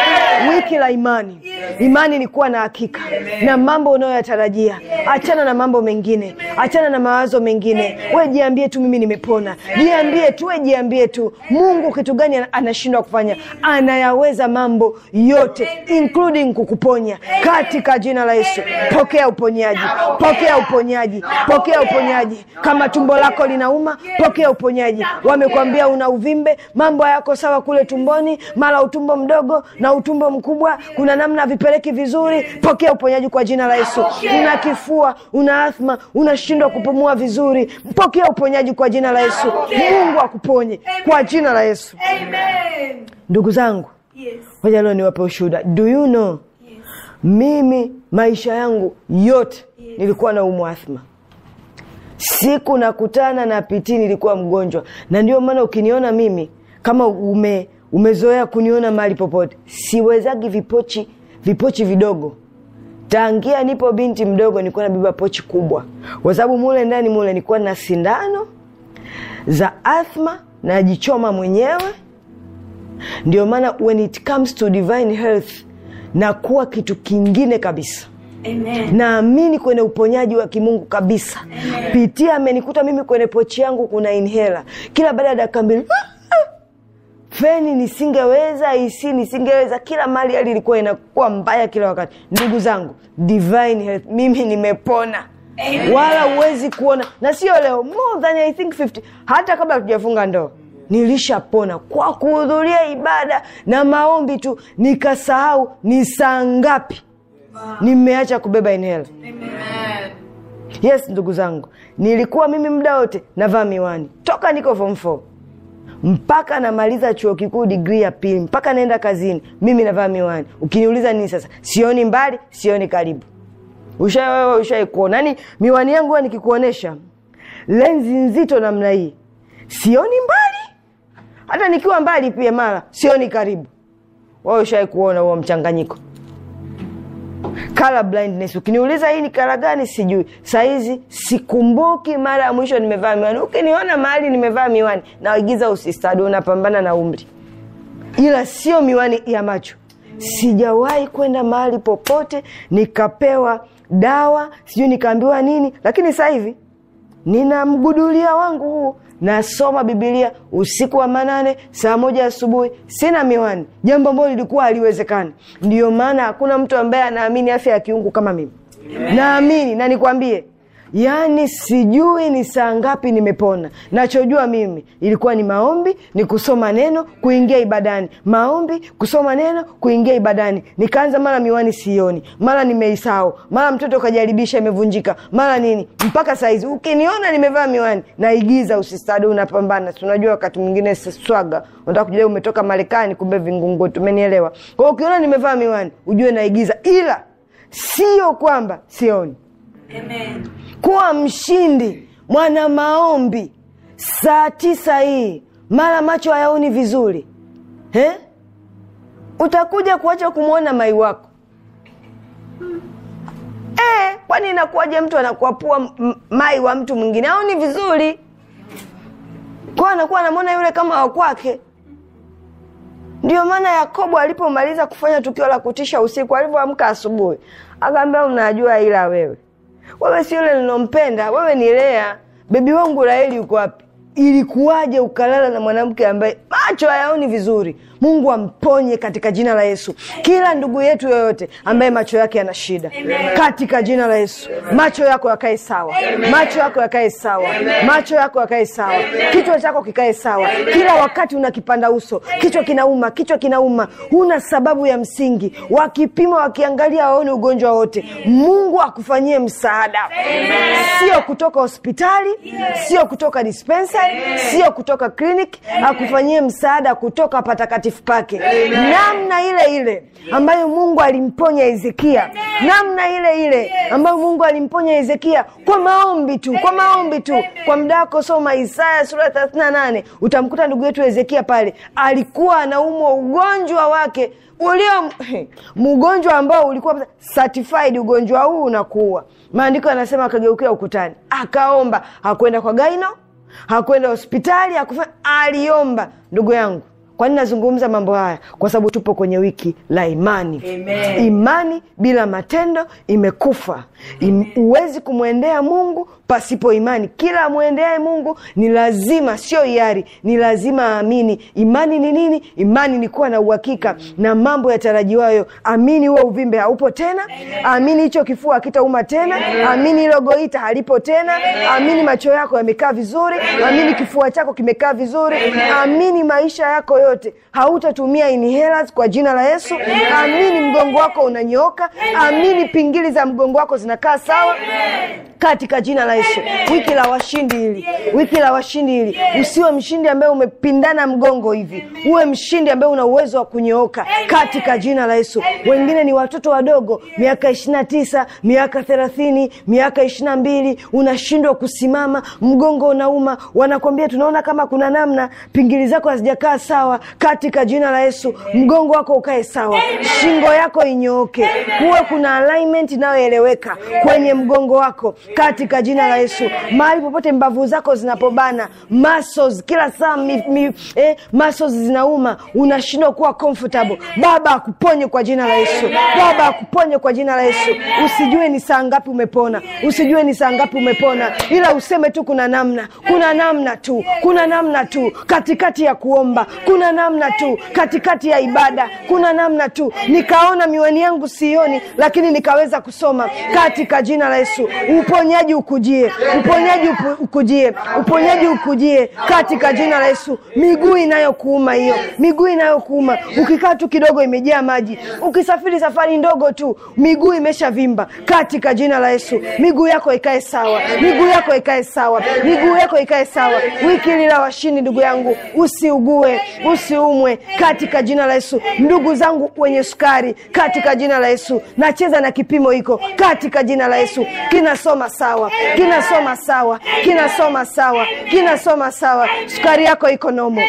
Wiki la imani. Imani ni kuwa na hakika na mambo unayoyatarajia. Achana na mambo mengine, achana na mawazo mengine. We jiambie tu, mimi nimepona. Jiambie tu, we jiambie tu. Mungu kitu gani anashindwa kufanya? Anayaweza mambo yote including kukuponya katika jina la Yesu. Pokea uponyaji, pokea uponyaji, pokea uponyaji kama tu tumbo lako linauma, pokea uponyaji. Wamekwambia una uvimbe, mambo hayako sawa kule tumboni, mara utumbo mdogo na utumbo mkubwa, kuna namna vipeleki vizuri, pokea uponyaji kwa jina la Yesu. Una kifua, una athma, unashindwa kupumua vizuri, pokea uponyaji kwa jina la Yesu. Mungu akuponye kwa jina la Yesu. Amen. Ndugu zangu, hoja leo niwape ushuhuda. Do you know? Mimi maisha yangu yote nilikuwa na umwathma siku nakutana na Piti nilikuwa mgonjwa, na ndio maana ukiniona mimi kama ume umezoea kuniona mahali popote, siwezagi vipochi vipochi vidogo. Tangia nipo binti mdogo nilikuwa nabeba pochi kubwa, kwa sababu mule ndani mule nilikuwa na sindano za athma najichoma mwenyewe. Ndio maana when it comes to divine health, nakuwa kitu kingine kabisa. Naamini kwenye uponyaji wa kimungu kabisa. Amen. Pitia amenikuta mimi kwenye pochi yangu kuna inhela kila baada ya dakika mbili ah, ah, feni nisingeweza, isi nisingeweza, kila mali hali ilikuwa inakuwa mbaya kila wakati. Ndugu zangu, divine health, mimi nimepona. Amen. Wala huwezi kuona na sio leo, more than I think 50 hata kabla tujafunga ndoo nilishapona kwa kuhudhuria ibada na maombi tu, nikasahau ni saa ngapi nimeacha kubeba inhela yes ndugu zangu nilikuwa mimi muda wote navaa miwani toka niko form mpaka namaliza chuo kikuu digrii ya pili mpaka naenda kazini mimi navaa miwani ukiniuliza nini sasa sioni mbali sioni karibu ushawewe ushaikuona yani miwani yangu nikikuonesha lenzi nzito namna hii sioni mbali hata nikiwa mbali pia mara sioni karibu wawe ushawahi kuona huo mchanganyiko color blindness. Ukiniuliza hii ni kala gani, sijui. Saizi sikumbuki mara ya mwisho nimevaa miwani. Ukiniona mahali nimevaa miwani, naigiza usistadi, unapambana na umri, ila sio miwani ya macho. Sijawahi kwenda mahali popote nikapewa dawa, sijui nikaambiwa nini, lakini sasa hivi ninamgudulia wangu huu, nasoma Bibilia usiku wa manane, saa moja asubuhi, sina miwani, jambo ambalo lilikuwa haliwezekani. Ndiyo maana hakuna mtu ambaye anaamini afya ya kiungu kama mimi. Naamini na nikwambie yaani sijui ni saa ngapi nimepona. Nachojua mimi ilikuwa ni maombi, ni kusoma neno, kuingia ibadani, maombi, kusoma neno, kuingia ibadani. Nikaanza mara miwani sioni, mara nimeisao mara mtoto kajaribisha imevunjika, mara nini, mpaka saizi ukiniona nimevaa miwani naigiza. Usistadi, unapambana. Tunajua wakati mwingine swaga unataka kujua umetoka Marekani, kumbe vingungo. Tumenielewa? kwao ukiona nimevaa miwani ujue naigiza, ila sio kwamba sioni. Amen kuwa mshindi, mwana maombi. Saa tisa hii mara macho hayaoni vizuri He? utakuja kuacha kumwona mai wako e, kwani inakuwaje mtu anakuapua mai wa mtu mwingine aoni vizuri kwa anakuwa anamwona yule kama wakwake. Ndio maana Yakobo alipomaliza kufanya tukio la kutisha usiku, alivyoamka asubuhi, akaambia unajua, ila wewe wewe si yule ninompenda, wewe ni Lea. Bebi wangu Raheli yuko wapi? Ilikuwaje ukalala na mwanamke ambaye macho hayaoni vizuri? Mungu amponye katika jina la Yesu kila ndugu yetu yoyote ambaye macho yake yana shida, katika jina la Yesu macho yako yakae sawa, macho yako yakae sawa, macho yako yakae sawa, kichwa chako kikae sawa. Kila wakati unakipanda uso, kichwa kinauma, kichwa kinauma, huna sababu ya msingi. Wakipima wakiangalia, waone ugonjwa wote. Mungu akufanyie msaada, sio kutoka hospitali, sio kutoka dispensari, sio kutoka kliniki, akufanyie msaada kutoka patakatifu mahali pake, namna ile ile ambayo Mungu alimponya Hezekia, namna ile ile ambayo Mungu alimponya Hezekia kwa maombi tu, kwa maombi tu. Kwa muda wako soma Isaya sura nane utamkuta ndugu yetu Hezekia pale alikuwa anaumwa ugonjwa wake ulio mgonjwa ambao ulikuwa certified ugonjwa huu unakuwa Maandiko yanasema akageukia ukutani, akaomba. Hakwenda kwa gaino, hakwenda hospitali, hakufanya, aliomba. Ndugu yangu kwa nini nazungumza mambo haya? Kwa sababu tupo kwenye wiki la imani. Amen. Imani bila matendo imekufa. Im, huwezi kumwendea Mungu pasipo imani kila mwendeaye Mungu ni lazima, sio hiari, ni lazima aamini. Imani ni nini? Imani ni kuwa na uhakika na mambo yatarajiwayo. Amini huo uvimbe haupo tena, amini hicho kifua akitauma tena, amini hilo goita halipo tena, amini macho yako yamekaa vizuri, amini kifua chako kimekaa vizuri, amini maisha yako yote. Hautatumia inhalers kwa jina la Yesu. Amini mgongo wako unanyooka, amini pingili za mgongo wako zinakaa sawa katika jina la Bwana Yesu, wiki la washindi hili, wiki la washindi hili. Usiwe mshindi ambaye umepindana mgongo hivi, uwe mshindi ambaye una uwezo wa kunyooka katika jina la Yesu. Wengine ni watoto wadogo, miaka ishirini na tisa, miaka thelathini, miaka ishirini na mbili, unashindwa kusimama, mgongo unauma, wanakwambia tunaona kama kuna namna pingili zako hazijakaa sawa. Katika jina la Yesu, mgongo wako ukae sawa, shingo yako inyooke, kuwe kuna alignment inayoeleweka kwenye mgongo wako katika jina jina la Yesu. Mahali popote mbavu zako zinapobana, muscles kila saa mi, mi, eh, muscles zinauma, unashindwa kuwa comfortable. Baba akuponye kwa jina la Yesu. Baba akuponye kwa jina la Yesu. Usijue ni saa ngapi umepona, usijue ni saa ngapi umepona, ila useme tu kuna namna, kuna namna tu, kuna namna tu katikati ya kuomba, kuna namna tu katikati ya ibada, kuna namna tu. Nikaona miwani yangu sioni, lakini nikaweza kusoma katika jina la Yesu. Uponyaji ukujia ukujie, uponyaji ukujie, uponyaji ukujie katika jina la Yesu. Miguu inayokuuma hiyo, miguu inayokuuma, ukikaa tu kidogo imejaa maji, ukisafiri safari ndogo tu miguu imeshavimba, katika jina la Yesu miguu yako ikae sawa, miguu yako ikae sawa, miguu yako ikae sawa. Wiki hili la washindi, ndugu yangu, usiugue, usiumwe katika jina la Yesu. Ndugu zangu wenye sukari, katika jina la Yesu, nacheza na kipimo hiko katika jina la Yesu, kinasoma sawa, kinasoma kinasoma sawa, kinasoma sawa, kinasoma sawa. Sukari yako iko nomo,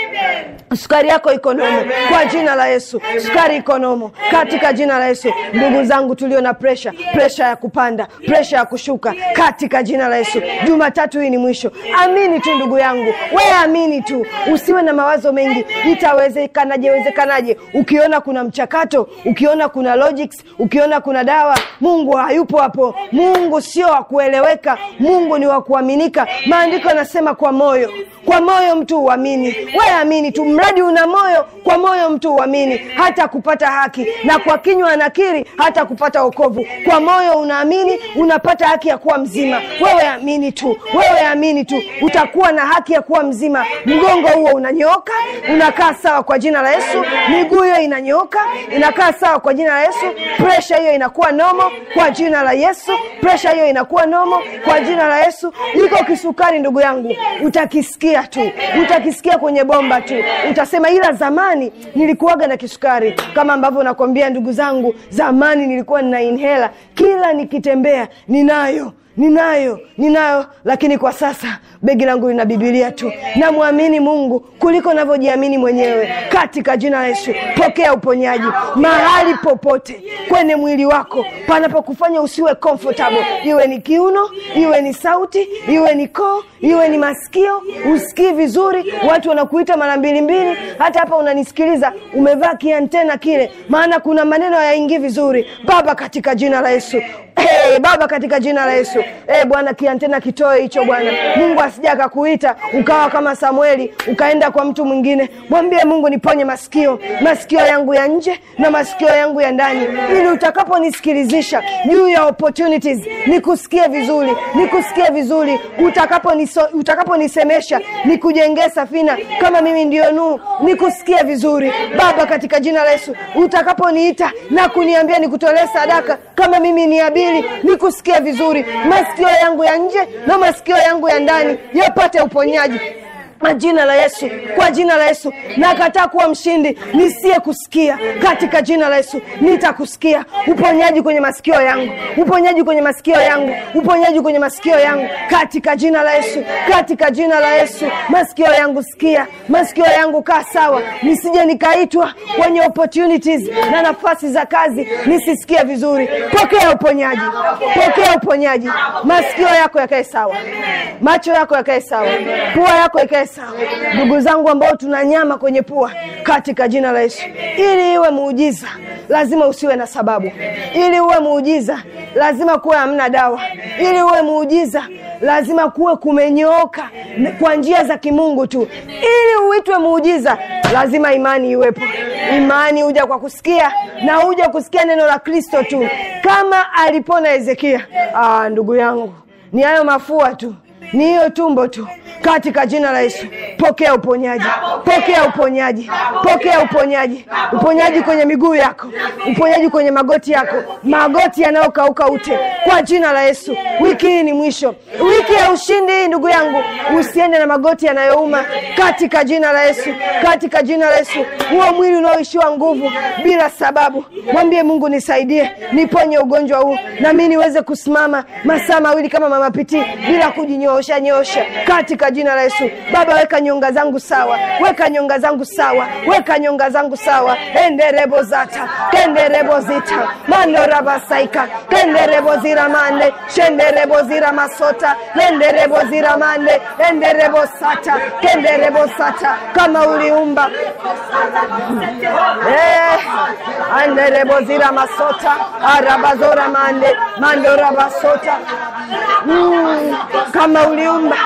sukari yako iko nomo kwa jina la Yesu. Sukari iko nomo katika jina la Yesu. Ndugu zangu tulio na presha, presha ya kupanda, presha ya kushuka, katika jina la Yesu. Jumatatu hii ni mwisho. Amini tu ndugu yangu, we amini tu, usiwe na mawazo mengi. Itawezekanaje? Wezekanaje? Ukiona kuna mchakato, ukiona kuna logics, ukiona kuna dawa, Mungu hayupo hapo. Mungu sio wa kueleweka. Mungu ni wa kuaminika. Maandiko anasema kwa moyo, kwa moyo mtu uamini. Wewe amini tu, mradi una moyo, kwa moyo mtu uamini hata kupata haki, na kwa kinywa anakiri hata kupata okovu Kwa moyo unaamini, unapata haki ya kuwa mzima. Wewe amini tu, wewe amini tu, utakuwa na haki ya kuwa mzima. Mgongo huo unanyoka unakaa sawa kwa jina la Yesu. Miguu hiyo inanyoka inakaa sawa kwa jina la Yesu. Presha hiyo inakuwa nomo kwa jina la Yesu. Presha hiyo inakuwa nomo kwa jina jina la Yesu liko kisukani, ndugu yangu, utakisikia tu, utakisikia kwenye bomba tu, utasema ila zamani nilikuwaga na kisukari. Kama ambavyo nakwambia ndugu zangu, zamani nilikuwa nina inhela kila nikitembea ninayo ninayo ninayo, lakini kwa sasa begi langu lina Bibilia tu. Namwamini Mungu kuliko navyojiamini mwenyewe. Katika jina la Yesu, pokea uponyaji mahali popote kwenye mwili wako panapokufanya usiwe comfortable, iwe ni kiuno, iwe ni sauti, iwe ni koo, iwe ni masikio, usikii vizuri, watu wanakuita mara mbili mbili. Hata hapa unanisikiliza, umevaa kiantena kile, maana kuna maneno hayaingii vizuri. Baba, katika jina la Yesu Hey, Baba, katika jina la Yesu. Hey, Bwana kiantena kitoe hicho Bwana. Mungu asija akakuita ukawa kama Samueli ukaenda kwa mtu mwingine. Mwambie Mungu, niponye masikio, masikio yangu ya nje na masikio yangu ya ndani, ili utakaponisikilizisha juu ya opportunities nikusikie vizuri, nikusikie vizuri, utakaponisemesha utakapo nikujengee safina kama mimi ndio Nuhu, nikusikie vizuri Baba, katika jina la Yesu. Utakaponiita na kuniambia nikutolee sadaka kama mimi ni Abia ili nikusikie vizuri, masikio yangu ya nje na masikio yangu ya ndani yapate uponyaji kwa jina la Yesu, kwa jina la Yesu, nakataa kuwa mshindi nisiye kusikia katika jina la Yesu. Nitakusikia uponyaji kwenye masikio yangu, uponyaji kwenye masikio yangu, uponyaji kwenye masikio yangu katika jina la Yesu, katika jina la Yesu. Masikio yangu sikia, masikio yangu kaa sawa, nisije nikaitwa kwenye opportunities na nafasi za kazi nisisikie vizuri. Pokea uponyaji, pokea uponyaji, masikio yako yakae sawa, macho yako yakae sawa, pua yako yakae pesa, ndugu zangu ambao tuna nyama kwenye pua, katika jina la Yesu. Ili iwe muujiza, lazima usiwe na sababu. Ili uwe muujiza, lazima kuwe hamna dawa. Ili uwe muujiza, lazima kuwe kumenyooka kwa njia za kimungu tu. Ili uitwe muujiza, lazima imani iwepo. Imani huja kwa kusikia na huja kusikia neno la Kristo tu, kama alipona Hezekia. Ah, ndugu yangu, ni hayo mafua tu ni hiyo tumbo tu, katika jina la Yesu. Pokea uponyaji, pokea uponyaji, pokea uponyaji, uponyaji kwenye miguu yako, uponyaji kwenye magoti yako, magoti yanayokauka ute, kwa jina la Yesu. Wiki hii ni mwisho, wiki ya ushindi hii, ndugu yangu, usiende na magoti yanayouma, katika jina la Yesu, katika jina la Yesu. Huo mwili unaoishiwa nguvu bila sababu, mwambie Mungu, nisaidie, niponye ugonjwa huu, na mimi niweze kusimama masaa mawili kama mama Pitii bila kujinyoa nyosha nyosha katika jina la Yesu. Baba, weka nyonga zangu sawa, weka nyonga zangu sawa, weka nyonga zangu sawa. enderebo zata kenderebo zita mandorabasaika kenderebo zira mande shenderebo zira masota enderebo zira mande enderebo sata kenderebo sata kama uliumba eh, anderebo ziramasota arabazoramande mandorabasota mm, kama uliumba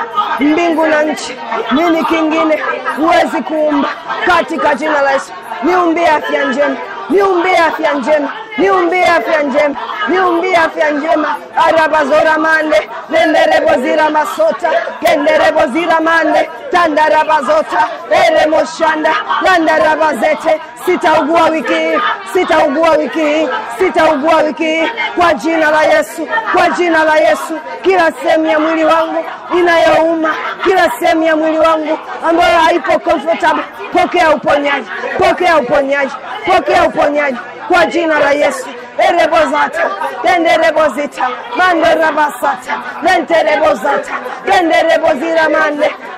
mbingu na nchi, nini kingine huwezi kuumba. Katika jina la Yesu niumbie afya njema niumbie afya njema, niumbie afya njema, niumbie afya njema. arabazora mande nenderebo zira masota genderebo zira mande tandarabazota eremoshanda landarabazete sitaugua wiki sitaugua wiki sitaugua wiki kwa jina la Yesu, kwa jina la Yesu. Kila sehemu ya mwili wangu inayouma, kila sehemu ya mwili wangu ambayo haipo comfortable, pokea uponyaji, pokea uponyaji, pokea uponyaji uponyaji kwa jina la Yesu. erebozata tenderebozita manderabasata mande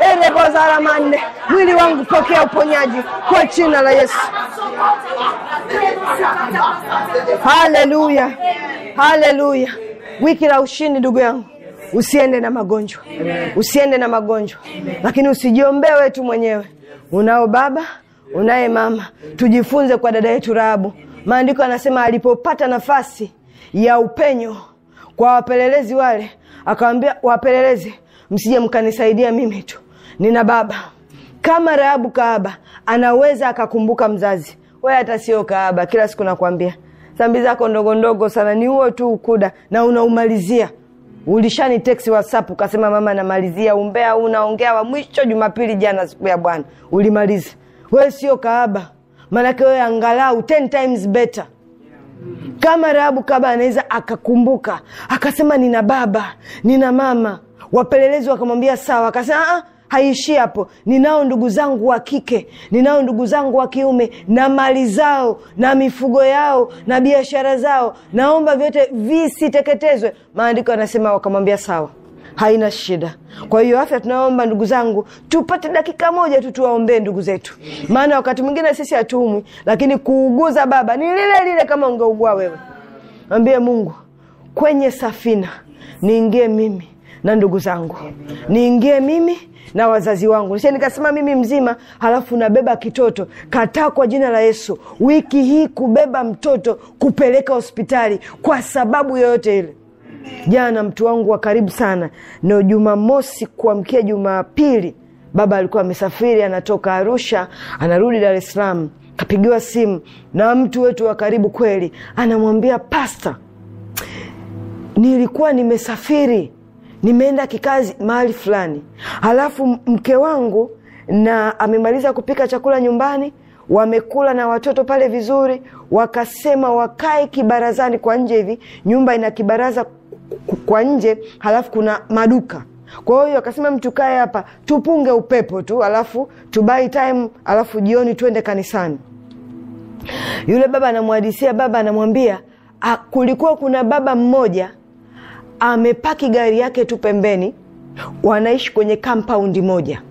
erebozara mande, mwili wangu pokea uponyaji kwa jina la Yesu. Haleluya, haleluya. Wiki la ushindi, ndugu yangu, usiende na magonjwa, usiende na magonjwa, lakini wewe tu mwenyewe. Unao Baba unaye mama, tujifunze kwa dada yetu Rahabu. Maandiko anasema alipopata nafasi ya upenyo kwa wapelelezi wale, akawambia wapelelezi, msije mkanisaidia mimi tu, nina baba. Kama Rahabu kaaba anaweza akakumbuka mzazi, wewe hata sio kaaba. Kila siku nakwambia dhambi zako ndogo ndogo sana ni huo tu ukuda, na unaumalizia ulishani teksi WhatsApp ukasema mama, namalizia umbea unaongea wa mwisho. Jumapili jana, siku ya Bwana, ulimaliza wewe sio kaaba maanake wewe angalau ten times better kama Rahabu kaba anaweza akakumbuka akasema nina baba nina mama wapelelezi wakamwambia sawa akasema ah, ah, haishi hapo ninao ndugu zangu wa kike ninao ndugu zangu wa kiume na mali zao na mifugo yao na biashara zao naomba vyote visiteketezwe maandiko anasema wakamwambia sawa haina shida. Kwa hiyo afya tunaomba ndugu zangu, tupate dakika moja tu tuwaombee ndugu zetu, maana wakati mwingine sisi hatuumwi, lakini kuuguza baba ni lile lile kama ungeugua wewe. Mwambie Mungu, kwenye safina niingie mimi na ndugu zangu, niingie mimi na wazazi wangu, nisije nikasema mimi mzima halafu nabeba kitoto. Kataa kwa jina la Yesu wiki hii kubeba mtoto kupeleka hospitali kwa sababu yoyote ile. Jana mtu wangu wa karibu sana, na Jumamosi kuamkia Jumapili, baba alikuwa amesafiri, anatoka Arusha anarudi Dar es Salaam. Kapigiwa simu na mtu wetu wa karibu kweli, anamwambia pasta, nilikuwa nimesafiri, nimeenda kikazi mahali fulani, halafu mke wangu na amemaliza kupika chakula nyumbani wamekula na watoto pale vizuri, wakasema wakae kibarazani kwa nje hivi, nyumba ina kibaraza kwa nje, halafu kuna maduka. Kwa hiyo akasema mtu kae hapa tupunge upepo tu, alafu tubai time, alafu jioni twende kanisani. Yule baba anamwadisia baba anamwambia ah, kulikuwa kuna baba mmoja amepaki gari yake tu pembeni, wanaishi kwenye kampaundi moja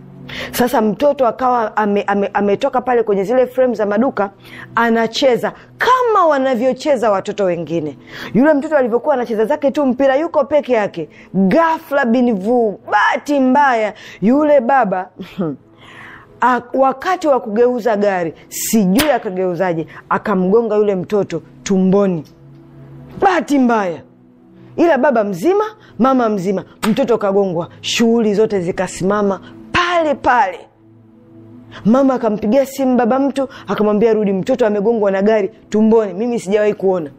sasa mtoto akawa ametoka ame, ame pale kwenye zile frame za maduka anacheza kama wanavyocheza watoto wengine. Yule mtoto alivyokuwa anacheza zake tu mpira, yuko peke yake, gafla binvu bahati mbaya yule baba A, wakati wa kugeuza gari, sijui akageuzaje, akamgonga yule mtoto tumboni, bahati mbaya ila baba mzima, mama mzima, mtoto kagongwa, shughuli zote zikasimama pale pale mama akampigia simu baba mtu akamwambia rudi mtoto amegongwa na gari tumboni mimi sijawahi kuona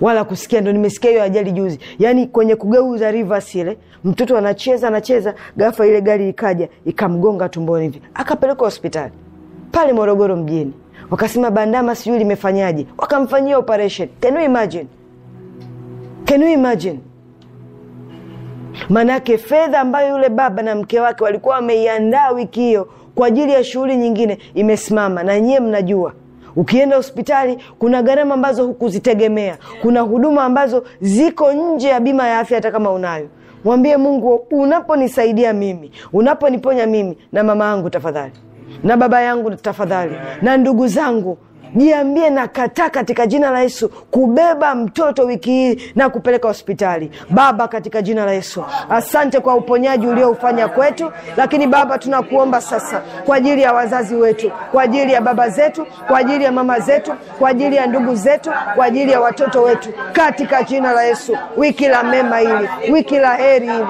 wala kusikia ndo nimesikia hiyo ajali juzi yaani kwenye kugeuza rivers ile mtoto anacheza anacheza gafa ile gari ikaja ikamgonga tumboni hivi akapelekwa hospitali pale morogoro mjini wakasema bandama sijui limefanyaje wakamfanyia operation can you imagine can you imagine maanake fedha ambayo yule baba na mke wake walikuwa wameiandaa wiki hiyo kwa ajili ya shughuli nyingine imesimama, na nyie mnajua Ukienda hospitali kuna gharama ambazo hukuzitegemea, kuna huduma ambazo ziko nje ya bima ya afya, hata kama unayo. Mwambie Mungu, unaponisaidia mimi, unaponiponya mimi na mama yangu tafadhali, na baba yangu tafadhali, na ndugu zangu jiambie nakataa katika jina la Yesu kubeba mtoto wiki hii na kupeleka hospitali. Baba, katika jina la Yesu, asante kwa uponyaji ulioufanya kwetu, lakini Baba, tunakuomba sasa kwa ajili ya wazazi wetu, kwa ajili ya baba zetu, kwa ajili ya mama zetu, kwa ajili ya ndugu zetu, kwa ajili ya watoto wetu, katika jina la Yesu, wiki la mema hili, wiki la heri hili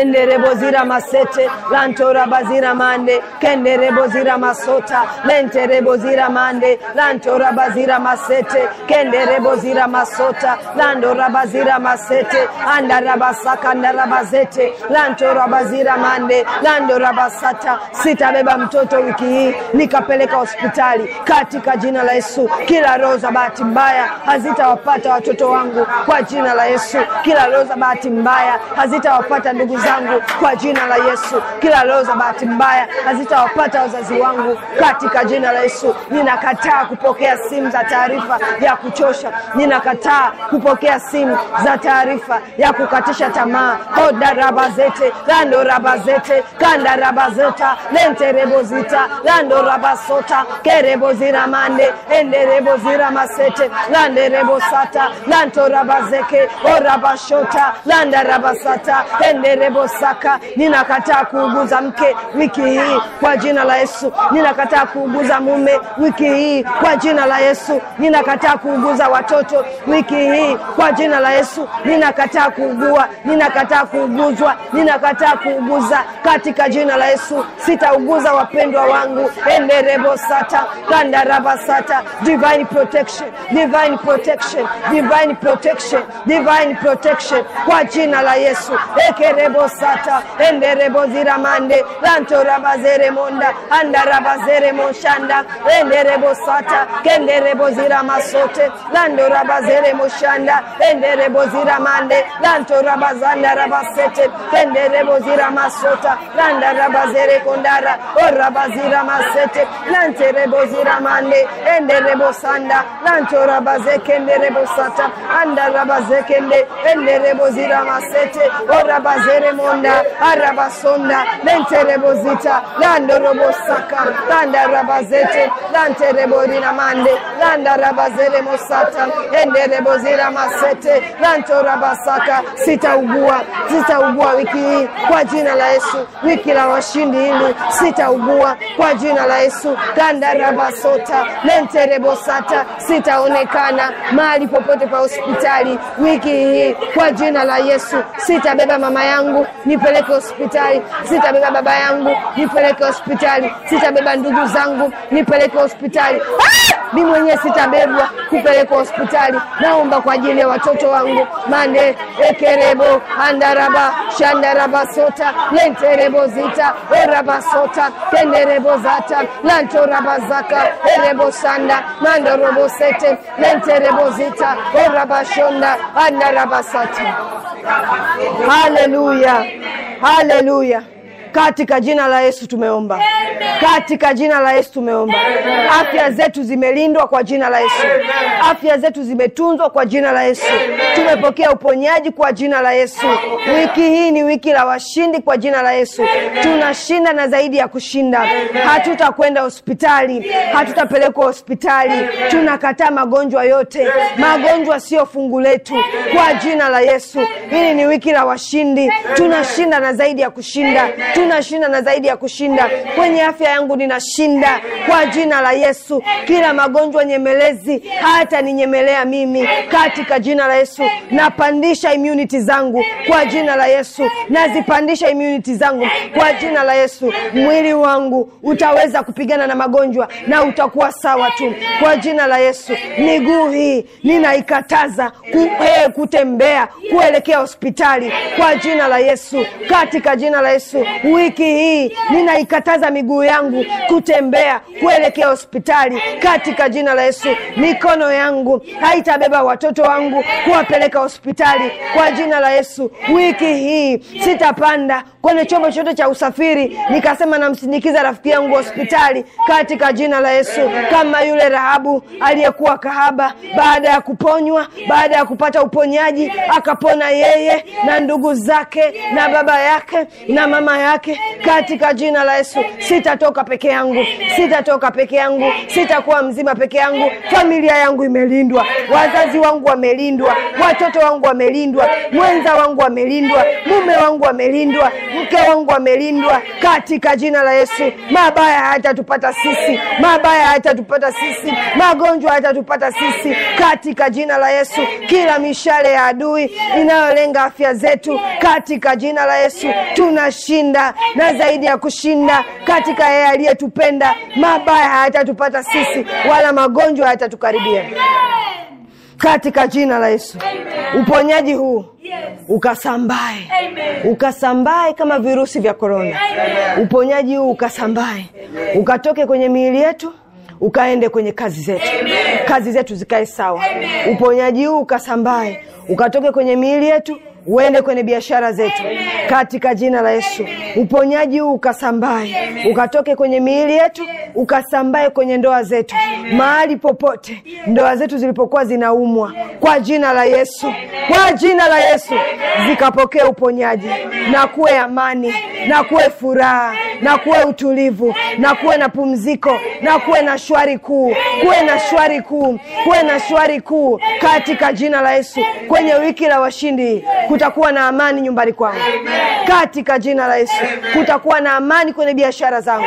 enderebozira masete lantorabazira mande kenderebozira masota lenterebozira mande mande lantorabazira masete kenderebozira masota landorabazira masete andarabasakandalabazete lantorabazira mande landorabasata sitabeba mtoto wiki hii nikapeleka hospitali katika jina la Yesu. Kila roho za bahati mbaya hazitawapata watoto wangu kwa jina la Yesu. Kila roho za bahati mbaya hazitawapata ndugu zangu kwa jina la Yesu. Kila roho za bahati mbaya hazitawapata wazazi wangu katika jina la Yesu. Nina Ninakataa kupokea simu za taarifa ya kuchosha. Ninakataa kupokea simu za taarifa ya kukatisha tamaa. hoda zete lando raba zete kanda raba zeta lente rebo zita lando raba sota kerebo zira mande ende rebo zira masete lande rebo sata lanto raba zeke rabazeke shota landa raba sata ende rebo saka Ninakataa kuuguza mke wiki hii kwa jina la Yesu. Ninakataa kuuguza mume wiki wiki hii kwa jina la Yesu ninakataa kuuguza watoto wiki hii kwa jina la Yesu ninakataa kuugua, ninakataa kuuguzwa, ninakataa kuuguza katika jina la Yesu. Sitauguza wapendwa wangu, enderebo sata kandaraba sata. Divine protection, divine protection, divine protection, divine protection kwa jina la Yesu. ekerebo sata enderebo ziramande lantorabazere monda andarabazere monshanda endere rebo sata kende rebo zira masote lando rabazere moshanda kende rebo zira mande lanto rabazanda rabasete kende rebo zira masota landa rabazere kondara o rabazira masete lante rebo zira mande ende rebo sanda lanto rabaze kende rebo sata anda rabaze kende ende rebo zira masete o rabazere monda arabasonda mente rebo zita lando robo saka landa rabazete lante sereborina mande landa rabazele mosata enderebozira masete rantorabasata sitaugua sitaugua wiki hii kwa jina la yesu wiki la washindi hili sitaugua kwa jina la yesu randarabasota lenterebosata sitaonekana mali popote pa hospitali wiki hii kwa jina la yesu sitabeba mama yangu nipeleke hospitali sitabeba baba yangu nipeleke hospitali sitabeba ndugu zangu nipeleke hospitali hospitali. Mimi ah! mwenyewe sitabebwa kupelekwa hospitali. Naomba kwa ajili ya watoto wangu mande ekerebo andaraba shandaraba sota lenterebo zita eraba sota kenderebo zata lantoraba zaka erebo sanda mandorobo sete lenterebo zita eraba shonda andaraba sata. Haleluya, haleluya. Katika jina la Yesu tumeomba. Amen. Katika jina la Yesu tumeomba. Amen. Afya zetu zimelindwa kwa jina la Yesu. Amen. Afya zetu zimetunzwa kwa jina la Yesu. Amen. Tumepokea uponyaji kwa jina la Yesu. Amen. Wiki hii ni wiki la washindi kwa jina la Yesu. Amen. Tunashinda na zaidi ya kushinda. Hatutakwenda hospitali. Yes. Hatutapelekwa hospitali. Tunakataa magonjwa yote. Amen. Magonjwa sio fungu letu kwa jina la Yesu. Hili ni wiki la washindi. Amen. Tunashinda na zaidi ya kushinda. Amen tunashinda na zaidi ya kushinda kwenye afya yangu, ninashinda kwa jina la Yesu. Kila magonjwa nyemelezi hata ninyemelea mimi katika jina la Yesu. Napandisha immunity zangu kwa jina la Yesu, nazipandisha immunity zangu kwa jina la Yesu. Mwili wangu utaweza kupigana na magonjwa na utakuwa sawa tu kwa jina la Yesu. Miguu hii ninaikataza eh, kutembea kuelekea hospitali kwa jina la Yesu, katika jina la Yesu wiki hii ninaikataza miguu yangu kutembea kuelekea hospitali katika jina la Yesu. Mikono yangu haitabeba watoto wangu kuwapeleka hospitali kwa jina la Yesu. Wiki hii sitapanda kwenye chombo chochote cha usafiri nikasema namsindikiza rafiki yangu hospitali katika jina la Yesu, kama yule Rahabu aliyekuwa kahaba, baada ya kuponywa, baada ya kupata uponyaji akapona yeye na ndugu zake na baba yake na mama yake wake katika jina la Yesu. Sitatoka peke yangu, sitatoka peke yangu, sitakuwa mzima peke yangu. Familia yangu imelindwa, wazazi wangu wamelindwa, watoto wangu wamelindwa, mwenza wangu wamelindwa, mume wangu wamelindwa, mke wangu wamelindwa, katika jina la Yesu. Mabaya hayatatupata sisi, mabaya hayatatupata sisi, magonjwa hayatatupata sisi, katika jina la Yesu. Kila mishale ya adui inayolenga afya zetu, katika jina la Yesu tunashinda na zaidi ya kushinda katika yeye aliyetupenda. Mabaya hayatatupata sisi, wala magonjwa hayatatukaribia katika jina la Yesu. Uponyaji huu ukasambae. Ukasambae kama virusi vya korona. Uponyaji huu ukasambae, ukatoke kwenye miili yetu ukaende kwenye kazi zetu. Amen. Kazi zetu zikae sawa. Uponyaji huu ukasambae, ukatoke kwenye miili yetu uende kwenye biashara zetu Amen. katika jina la Yesu Amen. uponyaji huu ukasambae ukatoke kwenye miili yetu ukasambae kwenye ndoa zetu Amen. mahali popote ndoa zetu zilipokuwa zinaumwa kwa jina la Yesu Amen. kwa jina la Yesu zikapokea uponyaji Amen. na kuwe amani Amen. na kuwe furaha na kuwe utulivu na kuwe na pumziko na kuwe na shwari kuu kuwe na shwari kuu kuwe na shwari kuu katika jina la Yesu kwenye wiki la washindi Kutakuwa na amani nyumbani kwangu katika jina la Yesu. Kutakuwa na amani kwenye biashara zangu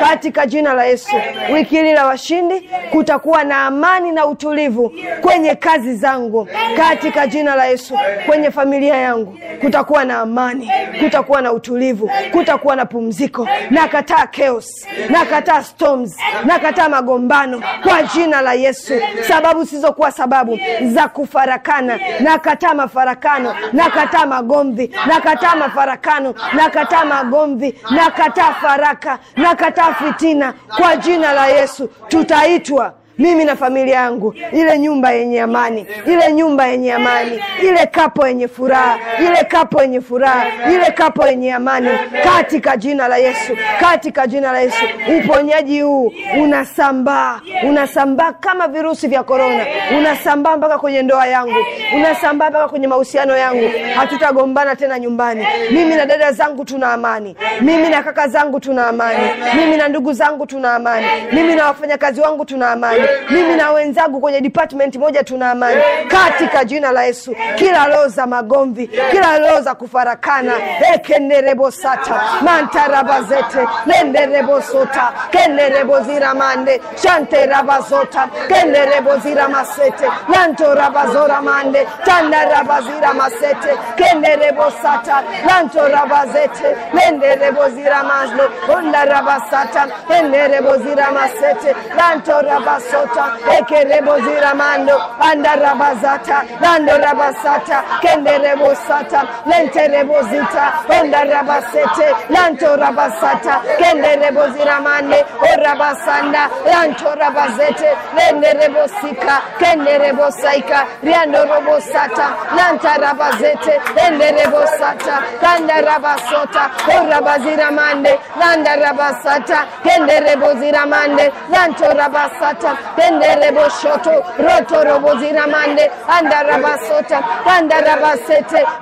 katika jina la Yesu. Wiki hili la washindi, kutakuwa na amani na utulivu kwenye kazi zangu katika jina la Yesu. Kwenye familia yangu kutakuwa na amani, kutakuwa na utulivu, kutakuwa na pumziko. Nakataa chaos, nakataa storms, nakataa magombano kwa jina la Yesu. Sababu zisizokuwa sababu za kufarakana, nakataa mafarakano na nakataa magomvi, nakataa mafarakano, nakataa magomvi, nakataa faraka, nakataa fitina. Kwa jina la Yesu tutaitwa mimi na familia yangu, ile nyumba yenye amani, ile nyumba yenye amani, ile kapo yenye furaha, ile kapo yenye furaha, ile kapo yenye amani, katika jina la Yesu, katika jina la Yesu. Uponyaji huu unasambaa, unasambaa kama virusi vya korona, unasambaa mpaka kwenye ndoa yangu, unasambaa mpaka kwenye mahusiano yangu. Hatutagombana tena nyumbani. Mimi na dada zangu tuna amani, mimi na kaka zangu tuna amani, mimi na ndugu zangu tuna amani, mimi na wafanyakazi wangu tuna amani amani. Mimi na wenzangu kwenye department moja tuna amani katika jina la Yesu. Kila roho za magomvi, kila roho za kufarakana ekenerebo eh, ekenerebosata mantarabazete nenderebosota kenereboziramande shanterabazota kenereboziramasete lantorabazoramande tandarabaziramasete kenerebosata lantorabazete nendereboziramande ondarabasata enereboziramasete lantorabas rabasota ekereboziramando andarabazata landorabasata kenderebosata lenterebozita ondarabasete lantorabasata kenderebozirmane orabasanda lantorabazete lenderebosika kenderebosaika riandorobosata lantarabazete lenderebosata kandarabasota orabaziramande landarabasata kenderebozira mande lantorabasata pendere boshoto roto mande mande mande rabasete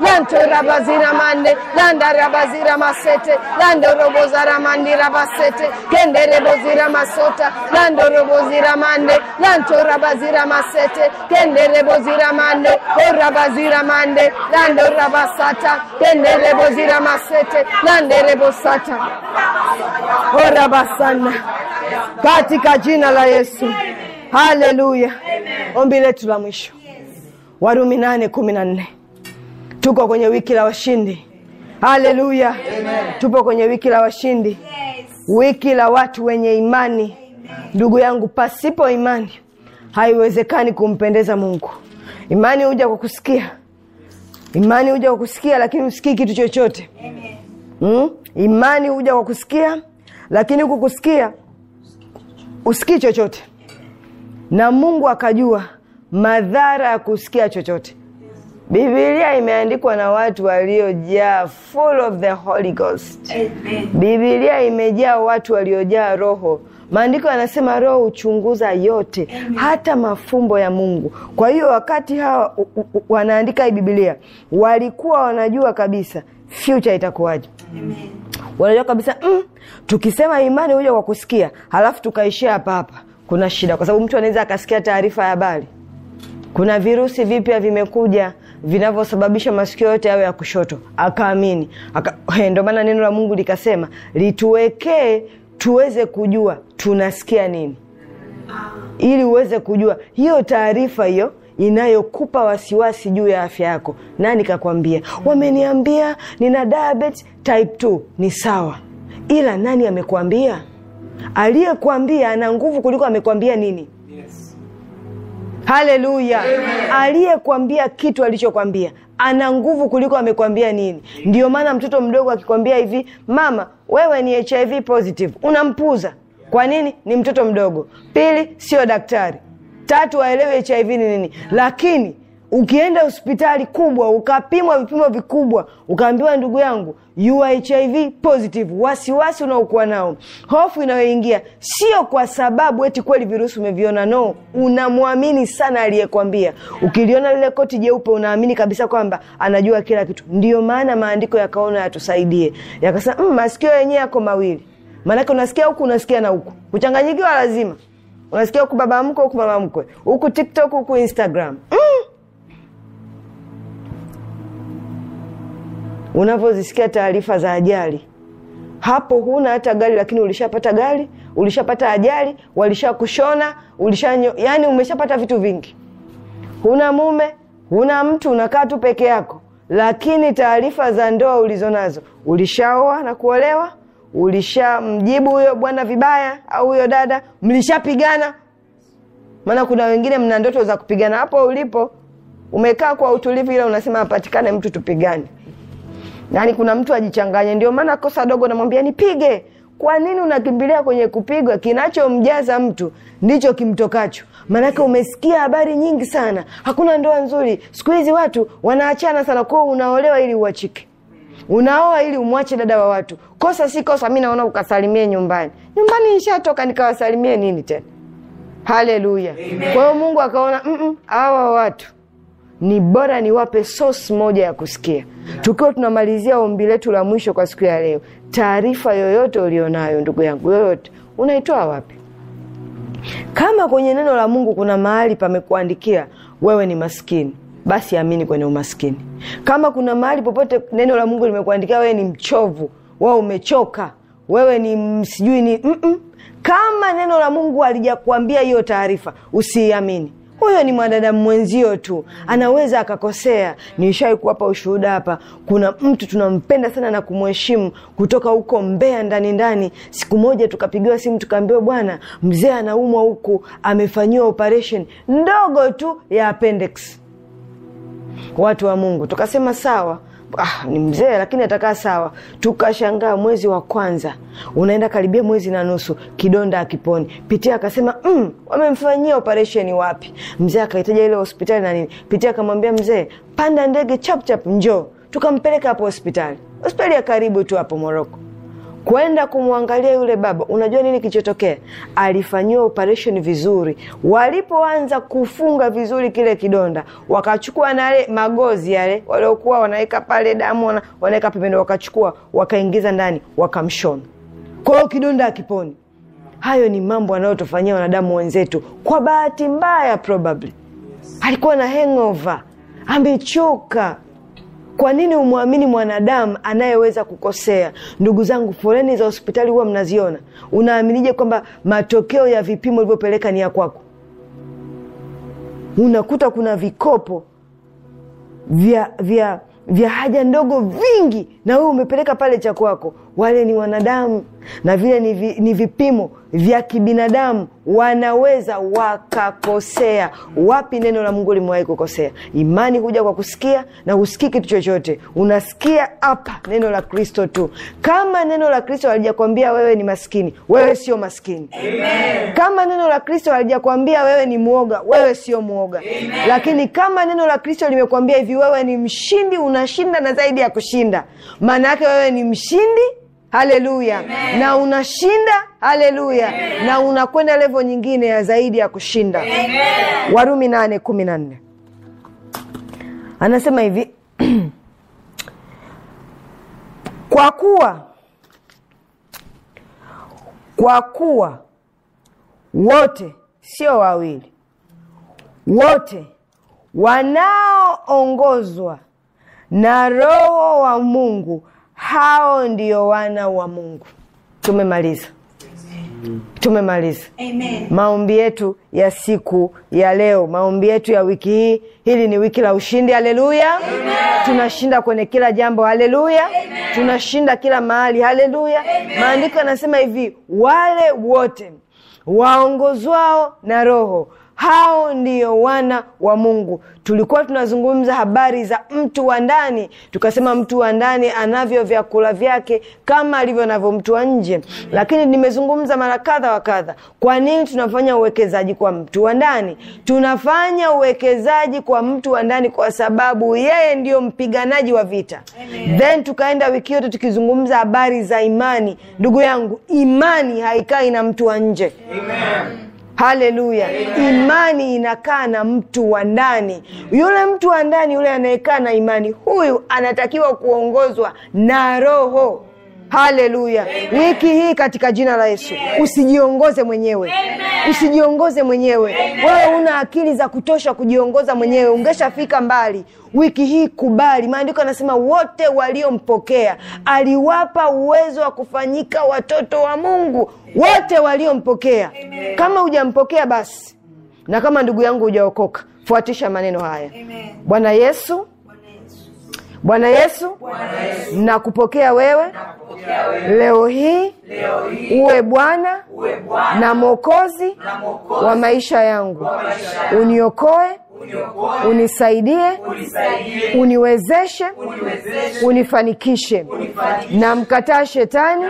yanto yanto rabazira rabazira masete masete bozira masota roboziramande andarabasota landarabasete lantorabaziramande landarabaziramasete landorobozaramandiramasete kendereboziramasota landoroboziramande lantorabaziramasete kendereboziramande orabaziramande landorabasata tendereboziramasete ora basana katika jina la Yesu haleluya ombi letu la mwisho yes. warumi nane kumi na nne tuko kwenye wiki la washindi haleluya tupo kwenye wiki la washindi yes. wiki la watu wenye imani ndugu yangu pasipo imani haiwezekani kumpendeza mungu imani huja kwa kusikia imani huja kwa kusikia lakini usikii kitu chochote mm? imani huja kwa kusikia lakini hukukusikia usikii chochote na mungu akajua madhara ya kusikia chochote bibilia imeandikwa na watu waliojaa full of the holy ghost Amen. bibilia imejaa watu waliojaa roho maandiko yanasema roho huchunguza yote Amen. hata mafumbo ya mungu kwa hiyo wakati hawa wanaandika hii bibilia walikuwa wanajua kabisa future itakuwaje wanajua kabisa mm, tukisema imani huja kwa kusikia halafu tukaishia hapa hapa kuna shida, kwa sababu mtu anaweza akasikia taarifa ya habari kuna virusi vipya vimekuja vinavyosababisha masikio yote yawe ya kushoto, akaamini aka, ndio maana neno la Mungu likasema lituwekee tuweze kujua tunasikia nini, ili uweze kujua hiyo taarifa hiyo inayokupa wasiwasi juu ya afya yako. Nani kakwambia? Wameniambia nina diabetes type 2. Ni sawa, ila nani amekwambia? aliyekwambia ana nguvu kuliko amekwambia nini yes. haleluya aliyekwambia kitu alichokwambia ana nguvu kuliko amekwambia nini ndio maana mtoto mdogo akikwambia hivi mama wewe ni hiv positive unampuza kwa nini ni mtoto mdogo pili sio daktari tatu aelewe hiv ni nini lakini ukienda hospitali kubwa ukapimwa vipimo vikubwa ukaambiwa ndugu yangu you are hiv positive wasiwasi unaokuwa nao hofu inayoingia sio kwa sababu eti kweli virusi umeviona no unamwamini sana aliyekwambia ukiliona lile koti jeupe unaamini kabisa kwamba anajua kila kitu ndiyo maana maandiko yakaona yatusaidie yakasema mm, masikio yenyewe yako mawili maanake unasikia huku unasikia na huku kuchanganyikiwa lazima unasikia huku baba mkwe huku mama mkwe huku tiktok huku instagram mm unavyozisikia taarifa za ajali hapo huna hata gari lakini ulishapata gari, ulishapata ajali, walishakushona, ulishanyo yani umeshapata vitu vingi. Huna mume, huna mtu, unakaa tu peke yako, lakini taarifa za ndoa ulizo nazo ulishaoa na kuolewa, ulishamjibu huyo bwana vibaya au huyo dada, mlishapigana. Maana kuna wengine mna ndoto za kupigana. Hapo ulipo umekaa kwa utulivu, ila unasema apatikane mtu tupigane yaani kuna mtu ajichanganye. Ndio maana kosa dogo namwambia nipige. Kwa nini unakimbilia kwenye kupigwa? Kinachomjaza mtu ndicho kimtokacho. Maanake umesikia habari nyingi sana, hakuna ndoa nzuri siku hizi, watu wanaachana sana. Kwao unaolewa ili uachike, unaoa ili umwache dada wa watu. Kosa si kosa, mi naona ukasalimie nyumbani. Nyumbani nishatoka nikawasalimie nini tena? Haleluya! Kwa hiyo Mungu akaona hawa mm -mm, watu ni bora niwape source moja ya kusikia. Tukiwa tunamalizia ombi letu la mwisho kwa siku ya leo, taarifa yoyote ulionayo ndugu yangu, yoyote unaitoa wapi? Kama kwenye neno la Mungu kuna mahali pamekuandikia wewe ni maskini, basi amini kwenye umaskini. Kama kuna mahali popote neno la Mungu limekuandikia wewe ni mchovu, wewe umechoka, wewe ni sijui ni mm -mm. Kama neno la Mungu halijakuambia hiyo taarifa, usiiamini huyo ni mwanadam mwenzio tu, anaweza akakosea. nishai kuwapa ushuhuda hapa. Kuna mtu tunampenda sana na kumheshimu kutoka huko mbea ndani ndani. Siku moja tukapigiwa simu tukaambiwa, bwana mzee anaumwa huku, amefanyiwa operation ndogo tu ya appendix. Watu wa Mungu tukasema sawa ah, ni mzee lakini atakaa sawa. Tukashangaa mwezi wa kwanza unaenda karibia mwezi na nusu, kidonda akiponi. Pitia akasema mm, wamemfanyia operesheni wapi? Mzee akaitaja ile hospitali na nini. Pitia akamwambia mzee, panda ndege chapchap, njoo. Tukampeleka hapo hospitali, hospitali ya karibu tu hapo Moroko kwenda kumwangalia yule baba. Unajua nini kilichotokea? Alifanyiwa operation vizuri. Walipoanza kufunga vizuri kile kidonda, wakachukua na yale magozi yale waliokuwa wanaweka pale damu, wanaweka pembeni, wakachukua wakaingiza ndani, wakamshona. Kwa hiyo kidonda akiponi. Hayo ni mambo anayotufanyia wanadamu wenzetu, kwa bahati mbaya probably. Alikuwa na hangover, amechoka. Kwa nini umwamini mwanadamu anayeweza kukosea? Ndugu zangu, foleni za hospitali huwa mnaziona. Unaaminije kwamba matokeo ya vipimo ulivyopeleka ni ya kwako? Unakuta kuna vikopo vya vya vya haja ndogo vingi, na wewe umepeleka pale cha kwako wale ni wanadamu na vile ni, vi, ni vipimo vya kibinadamu, wanaweza wakakosea. Wapi neno la Mungu limewahi kukosea? Imani huja kwa kusikia na husikii kitu chochote, unasikia hapa neno la Kristo tu. Kama neno la Kristo halijakwambia wewe ni maskini, wewe sio maskini Amen. Kama neno la Kristo halijakwambia wewe ni mwoga, wewe sio mwoga Lakini kama neno la Kristo limekwambia hivi, wewe ni mshindi, unashinda na zaidi ya kushinda, maana yake wewe ni mshindi haleluya, na unashinda haleluya, na unakwenda levo nyingine ya zaidi ya kushinda. Amen. Warumi nane kumi na nne anasema hivi kwa kuwa kwa kuwa wote sio wawili, wote wanaoongozwa na Roho wa Mungu hao ndio wana wa Mungu. Tumemaliza, tumemaliza maombi yetu ya siku ya leo, maombi yetu ya wiki hii. Hili ni wiki la ushindi, haleluya! Tunashinda kwenye kila jambo, haleluya! Tunashinda kila mahali, haleluya! Maandiko yanasema hivi, wale wote waongozwao na Roho hao ndiyo wana wa Mungu. Tulikuwa tunazungumza habari za mtu wa ndani, tukasema mtu wa ndani anavyo vyakula vyake kama alivyo navyo mtu wa nje, lakini nimezungumza mara kadha wa kadha, kwa nini tunafanya uwekezaji kwa mtu wa ndani? Tunafanya uwekezaji kwa mtu wa ndani kwa sababu yeye ndiyo mpiganaji wa vita. Amen. Then tukaenda wiki yote tukizungumza habari za imani. Ndugu yangu, imani haikai na mtu wa nje. Amen haleluya imani inakaa na mtu wa ndani yule mtu wa ndani yule anayekaa na imani huyu anatakiwa kuongozwa na roho haleluya wiki hii katika jina la yesu usijiongoze mwenyewe Amen. usijiongoze mwenyewe wewe una akili za kutosha kujiongoza mwenyewe ungeshafika mbali wiki hii kubali maandiko anasema wote waliompokea aliwapa uwezo wa kufanyika watoto wa mungu wote waliompokea kama hujampokea basi na kama ndugu yangu hujaokoka fuatisha maneno haya bwana yesu Bwana Yesu, Yesu, nakupokea wewe, na wewe. Leo hii, leo hii uwe Bwana na Mwokozi wa maisha yangu, uniokoe unisaidie, uniwezeshe, unifanikishe, na mkataa shetani,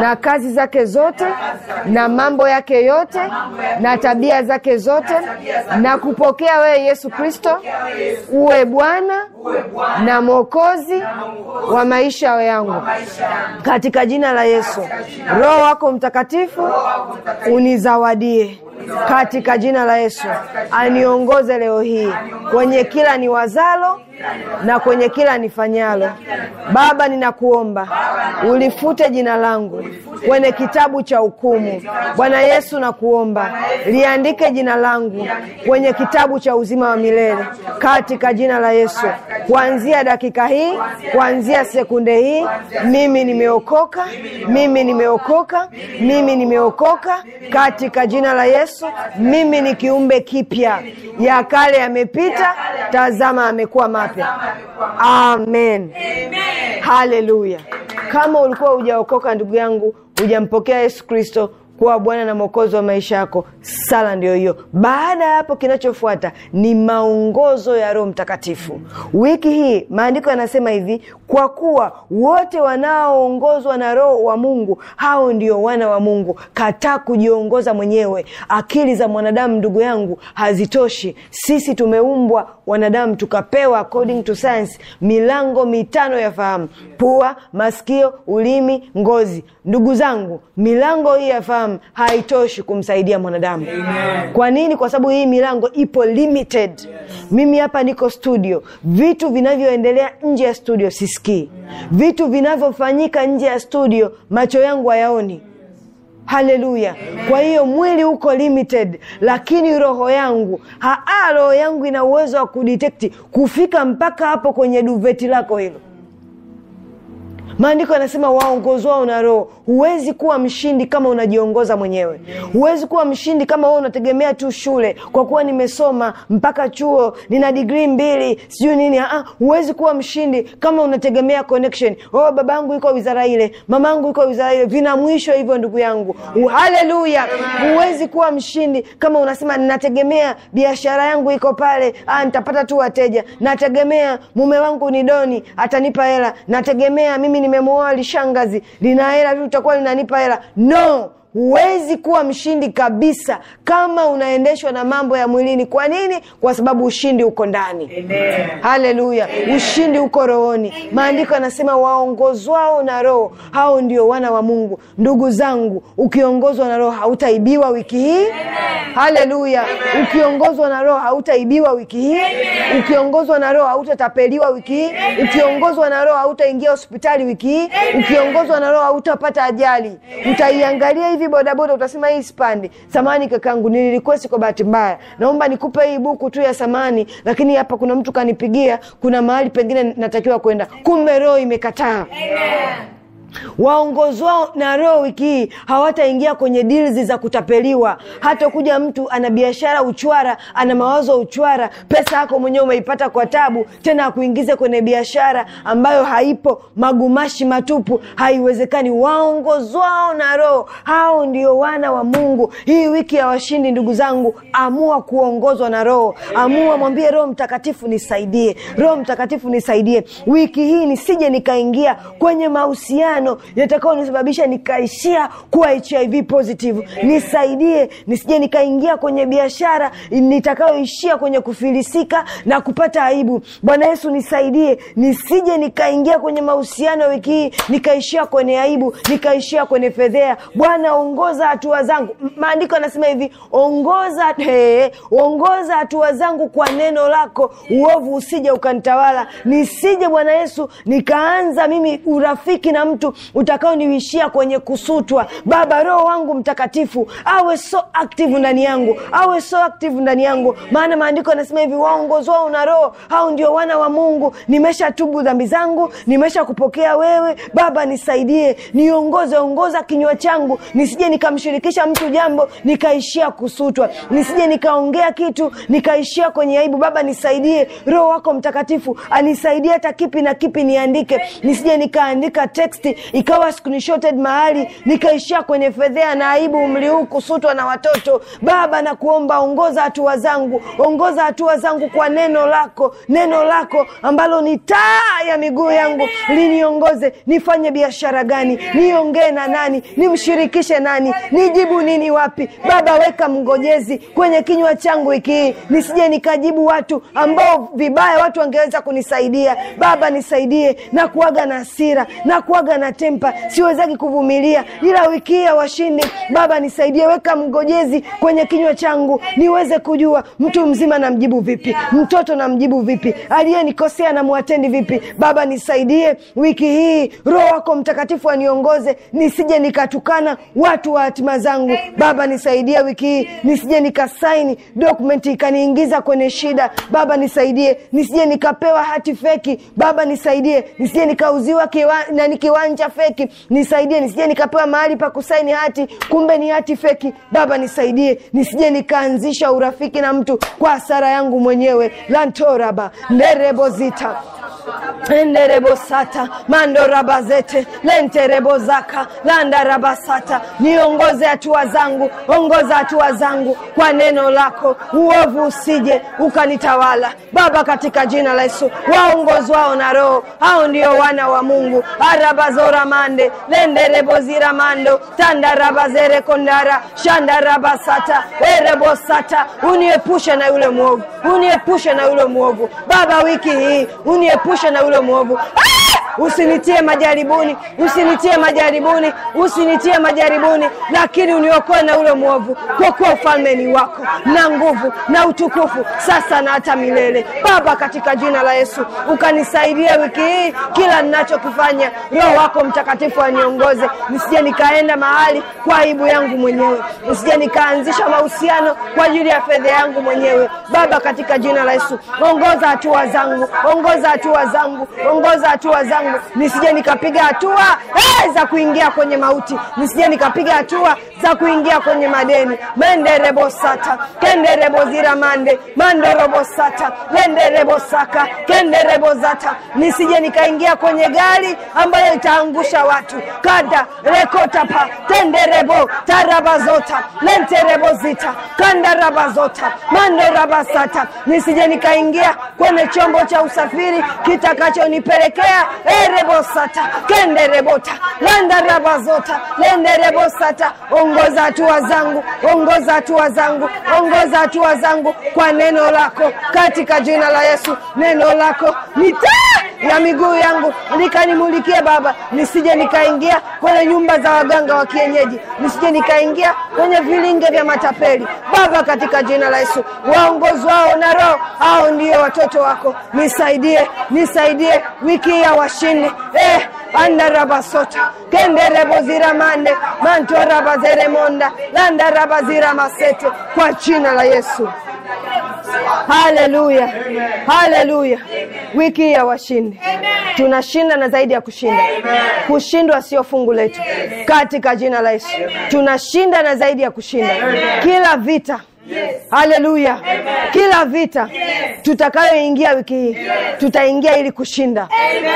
na kazi zake zote na, mambo yake yote na, tabia zake zote na, na kupokea wewe Yesu Kristo uwe Bwana na Mwokozi wa maisha yangu katika jina la Yesu. Roho wako Mtakatifu unizawadie katika jina la Yesu, aniongoze leo hii kwenye kila niwazalo na kwenye kila nifanyalo. Baba, ninakuomba ulifute jina langu kwenye kitabu cha hukumu. Bwana Yesu, nakuomba liandike jina langu kwenye kitabu cha uzima wa milele katika jina la Yesu. Kuanzia dakika hii, kuanzia sekunde hii, mimi nimeokoka, mimi nimeokoka, mimi nimeokoka katika jina la Yesu. Mimi ni kiumbe kipya, ya kale yamepita, tazama amekuwa mapya mapya. Amen, haleluya. Kama ulikuwa hujaokoka ndugu yangu, hujampokea Yesu Kristo kuwa Bwana na Mwokozi wa maisha yako. Sala ndio hiyo. Baada ya hapo, kinachofuata ni maongozo ya Roho Mtakatifu. Wiki hii maandiko yanasema hivi, kwa kuwa wote wanaoongozwa na Roho wa Mungu hao ndio wana wa Mungu. Kataa kujiongoza mwenyewe. Akili za mwanadamu, ndugu yangu, hazitoshi. Sisi tumeumbwa wanadamu, tukapewa according to science, milango mitano ya fahamu: pua, masikio, ulimi, ngozi. Ndugu zangu, milango hii ya fahamu mwanadamu haitoshi kumsaidia mwanadamu Amen. kwa nini kwa sababu hii milango ipo limited yes. mimi hapa niko studio vitu vinavyoendelea nje ya studio sisikii vitu vinavyofanyika nje ya studio macho yangu hayaoni haleluya kwa hiyo mwili uko limited lakini roho yangu haa ah, roho yangu ina uwezo wa kudetekti kufika mpaka hapo kwenye duveti lako hilo maandiko yanasema waongozwa na roho huwezi kuwa mshindi kama unajiongoza mwenyewe huwezi kuwa mshindi kama wewe unategemea tu shule kwa kuwa nimesoma mpaka chuo nina degree mbili sijui nini ah, ah huwezi kuwa mshindi kama unategemea connection oh, babangu yuko wizara ile mamangu yuko wizara ile vina mwisho hivyo ndugu yangu haleluya huwezi kuwa mshindi kama unasema ninategemea biashara yangu iko pale ah, nitapata tu wateja nategemea mume wangu ni doni atanipa hela nategemea mimi ni nimemuoa lishangazi, lina hela, utakuwa linanipa hela? No, huwezi kuwa mshindi kabisa kama unaendeshwa na mambo ya mwilini kwa nini kwa sababu ushindi uko ndani haleluya ushindi uko rohoni maandiko anasema waongozwao na roho hao ndio wana wa mungu ndugu zangu ukiongozwa na roho hautaibiwa wiki hii haleluya ukiongozwa na roho hautaibiwa wiki hii ukiongozwa na roho hautatapeliwa wiki hii ukiongozwa na roho hautaingia hospitali wiki hii ukiongozwa na roho hautapata ajali utaiangalia hivi hivi bodaboda utasema hii spandi samani, kakangu nilirikuesti kwa bahati mbaya, naomba nikupe hii buku tu ya samani, lakini hapa kuna mtu kanipigia, kuna mahali pengine natakiwa kwenda, kumbe roho imekataa. Amen waongozwao na roho wiki hii hawataingia kwenye dilzi za kutapeliwa hata kuja mtu ana biashara uchwara ana mawazo uchwara pesa yako mwenyewe umeipata kwa tabu tena akuingize kwenye biashara ambayo haipo magumashi matupu haiwezekani waongozwao na roho hao ndio wana wa mungu hii wiki ya washindi ndugu zangu amua kuongozwa na roho amua mwambie roho mtakatifu nisaidie roho mtakatifu nisaidie wiki hii nisije nikaingia kwenye mahusiano mahusiano yatakao nisababisha nikaishia kuwa HIV positive. Nisaidie nisije nikaingia kwenye biashara nitakayoishia kwenye kufilisika na kupata aibu. Bwana Yesu nisaidie nisije nikaingia kwenye mahusiano wiki hii nikaishia kwenye aibu, nikaishia kwenye fedhea. Bwana ongoza hatua zangu. Maandiko anasema hivi, ongoza ongoza hatua zangu kwa neno lako, uovu usije ukanitawala, nisije Bwana Yesu nikaanza mimi urafiki na mtu wetu utakaoniwishia kwenye kusutwa. Baba, Roho wangu Mtakatifu awe so active ndani yangu, awe so active ndani yangu, maana maandiko yanasema hivi, waongozwa na Roho hao ndio wana wa Mungu. nimesha tubu dhambi zangu, nimesha kupokea wewe Baba, nisaidie, niongoze, ongoza kinywa changu, nisije nikamshirikisha mtu jambo nikaishia kusutwa, nisije nikaongea kitu nikaishia kwenye aibu. Baba, nisaidie, Roho wako Mtakatifu anisaidie hata kipi na kipi niandike, nisije nikaandika teksti ikawa screenshotted mahali, nikaishia kwenye fedhea na aibu, umri huu kusutwa na watoto. Baba, nakuomba ongoza hatua zangu, ongoza hatua zangu kwa neno lako, neno lako ambalo ni taa ya miguu yangu, liniongoze. Nifanye biashara gani? Niongee na nani? Nimshirikishe nani? Nijibu nini wapi? Baba, weka mgojezi kwenye kinywa changu wiki hii, nisije nikajibu watu ambao vibaya, watu wangeweza kunisaidia. Baba, nisaidie na kuaga na asira na kuaga na na siwezaki kuvumilia, ila wiki hii washindi. Baba nisaidie, weka mgojezi kwenye kinywa changu niweze kujua mtu mzima namjibu vipi, mtoto namjibu vipi, aliyenikosea namwatendi vipi. Baba nisaidie wiki hii, Roho wako Mtakatifu aniongoze nisije nikatukana watu wa hatima zangu. Baba nisaidie wiki hii, nisije nikasaini dokumenti ikaniingiza kwenye shida. Baba nisaidie, nisije nikapewa hati feki. Baba nisaidie, nisije nikauziwa kiwa, nani kiwanja cha feki, nisaidie nisije nikapewa mahali pa kusaini hati, kumbe ni hati feki. Baba nisaidie nisije nikaanzisha urafiki na mtu kwa hasara yangu mwenyewe. lantoraba nderebozita enderebosata mandorabazete lenterebozaka landarabasata, niongoze hatua zangu, ongoza hatua zangu kwa neno lako, uovu usije ukanitawala Baba, katika jina la Yesu. Waongozwao na Roho hao ndio wana wa Mungu. arabazo soramande lenderebozira tandarabazere kondara shandarabasata erebosata uniepushe na yule mwovu uniepushe na yule mwovu baba wiki hii uniepushe na yule mwovu ah! usinitie majaribuni, usinitie majaribuni, usinitie majaribuni, lakini uniokoe na ule mwovu, kwa kuwa ufalme ni wako na nguvu na utukufu sasa na hata milele. Baba, katika jina la Yesu ukanisaidia wiki hii, kila ninachokifanya, Roho wako Mtakatifu aniongoze, nisije nikaenda mahali kwa aibu yangu mwenyewe, nisije nikaanzisha mahusiano kwa ajili ya fedha yangu mwenyewe. Baba, katika jina la Yesu ongoza hatua zangu, ongoza hatua zangu, ongoza hatua zangu nisije nikapiga hatua hey, eh, za kuingia kwenye mauti, nisije nikapiga hatua za kuingia kwenye madeni. menderebosata kenderebozira mande manderobosata lenderebosaka kenderebozata, nisije nikaingia kwenye gari ambayo itaangusha watu. kada rekotapa tenderebo tarabazota lenterebozita kandarabazota manderabasata, nisije nikaingia kwenye chombo cha usafiri kitakachonipelekea hey, eh, kende rebota lerebosata kenderebota landarabazota lenderebosata. Ongoza hatua zangu, ongoza hatua zangu, ongoza hatua zangu kwa neno lako, katika jina la Yesu. Neno lako ni taa ya miguu yangu, likanimulikie Baba, nisije nikaingia kwenye nyumba za waganga wa kienyeji, nisije nikaingia kwenye vilinge vya matapeli. Baba, katika jina la Yesu, waongozi wao na Roho hao ndio watoto wako. Nisaidie, nisaidie wiki ya washi chini eh, andarabasota landa mantorabazeremonda landarabazira masete kwa jina la Yesu. Haleluya, haleluya! Wiki ya washindi, tunashinda na zaidi ya kushinda. Kushindwa sio fungu letu katika jina la Yesu. Tunashinda na zaidi ya kushinda kila vita yes. Haleluya! Kila vita yes. tutakayoingia wiki hii yes. tutaingia ili kushinda Amen.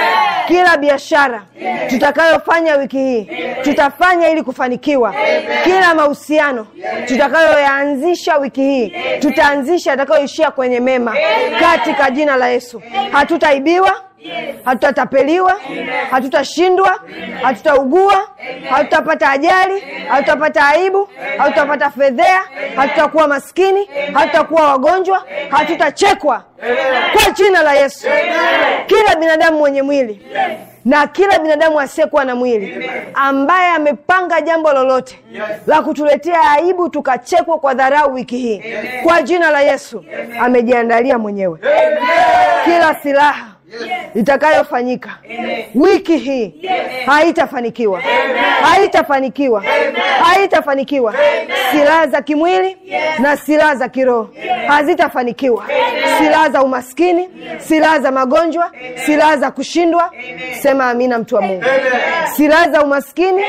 Kila biashara yes. tutakayofanya wiki hii yes. tutafanya ili kufanikiwa Amen. Kila mahusiano yes. tutakayoyaanzisha wiki hii yes. tutaanzisha atakayoishia kwenye mema Amen. Katika jina la Yesu hatutaibiwa yes. Hatutatapeliwa, hatutashindwa, hatutaugua, hatutapata ajali, hatutapata aibu, hatutapata fedhea, hatutakuwa maskini, hatutakuwa wagonjwa, hatutachekwa kwa jina la Yesu. Kila binadamu mwenye mwili na kila binadamu asiyekuwa na mwili ambaye amepanga jambo lolote yes, la kutuletea aibu tukachekwa kwa dharau wiki hii, kwa jina la Yesu amejiandalia mwenyewe Amen. Kila silaha itakayofanyika wiki hii haitafanikiwa, haitafanikiwa, haitafanikiwa. Silaha za kimwili na silaha za kiroho hazitafanikiwa. Silaha za umaskini, silaha za magonjwa, silaha za kushindwa. Sema amina, mtu wa Mungu. Silaha za umaskini,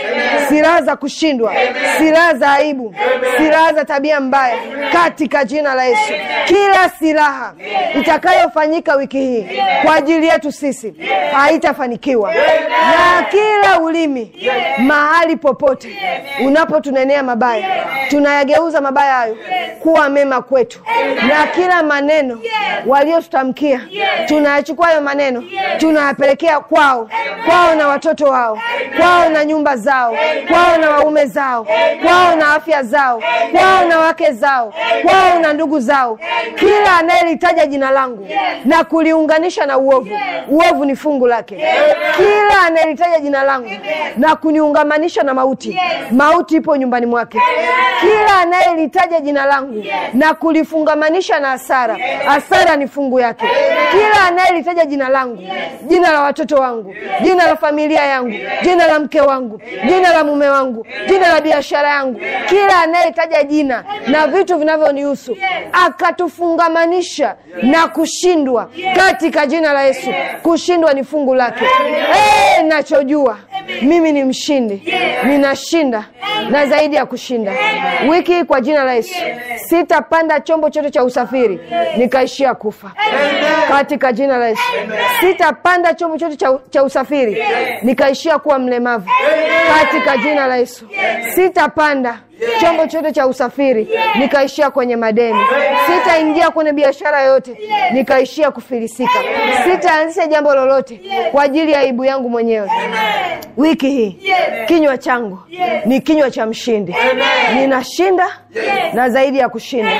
silaha za kushindwa, silaha za aibu, silaha za tabia mbaya, katika jina la Yesu, kila silaha itakayofanyika wiki hii kwa ajili yetu sisi yeah. haitafanikiwa na kila ulimi yeah. mahali popote yeah. unapo tunenea mabaya yeah. tunayageuza mabaya hayo yes. kuwa mema kwetu Amen. na kila maneno yes. waliotutamkia yes. tunayachukua hayo maneno yes. tunayapelekea kwao Amen. kwao na watoto wao Amen. kwao na nyumba zao Amen. kwao na waume zao Amen. kwao na afya zao Amen. kwao na wake zao Amen. kwao na ndugu zao Amen. kila anayelitaja jina langu yes. na kuliunganisha na uo uovu, uovu ni fungu lake. Kila anayelitaja jina langu na kuniungamanisha na mauti, mauti ipo nyumbani mwake. Kila anayelitaja jina langu na kulifungamanisha na hasara, hasara ni fungu yake. Kila anayelitaja jina langu, jina la watoto wangu, jina la familia yangu, jina la mke wangu, jina la mume wangu, jina la biashara yangu, kila anayetaja jina na vitu vinavyonihusu akatufungamanisha na kushindwa katika jina la Yesu. Yesu. Kushindwa ni fungu lake. Hey, eh, nachojua mimi ni mshindi, ninashinda na zaidi ya kushinda. Wiki kwa jina la Yesu sitapanda chombo chote cha usafiri nikaishia kufa katika jina la Yesu. Sitapanda chombo chote cha, cha usafiri nikaishia kuwa mlemavu katika jina la Yesu. Sitapanda chombo chote cha usafiri nikaishia kwenye madeni, sitaingia kwenye biashara yoyote nikaishia kufilisika, sitaanzisha jambo lolote kwa ajili ya aibu yangu mwenyewe. Wiki hii kinywa changu ni kinywa cha mshindi, ninashinda na zaidi ya kushinda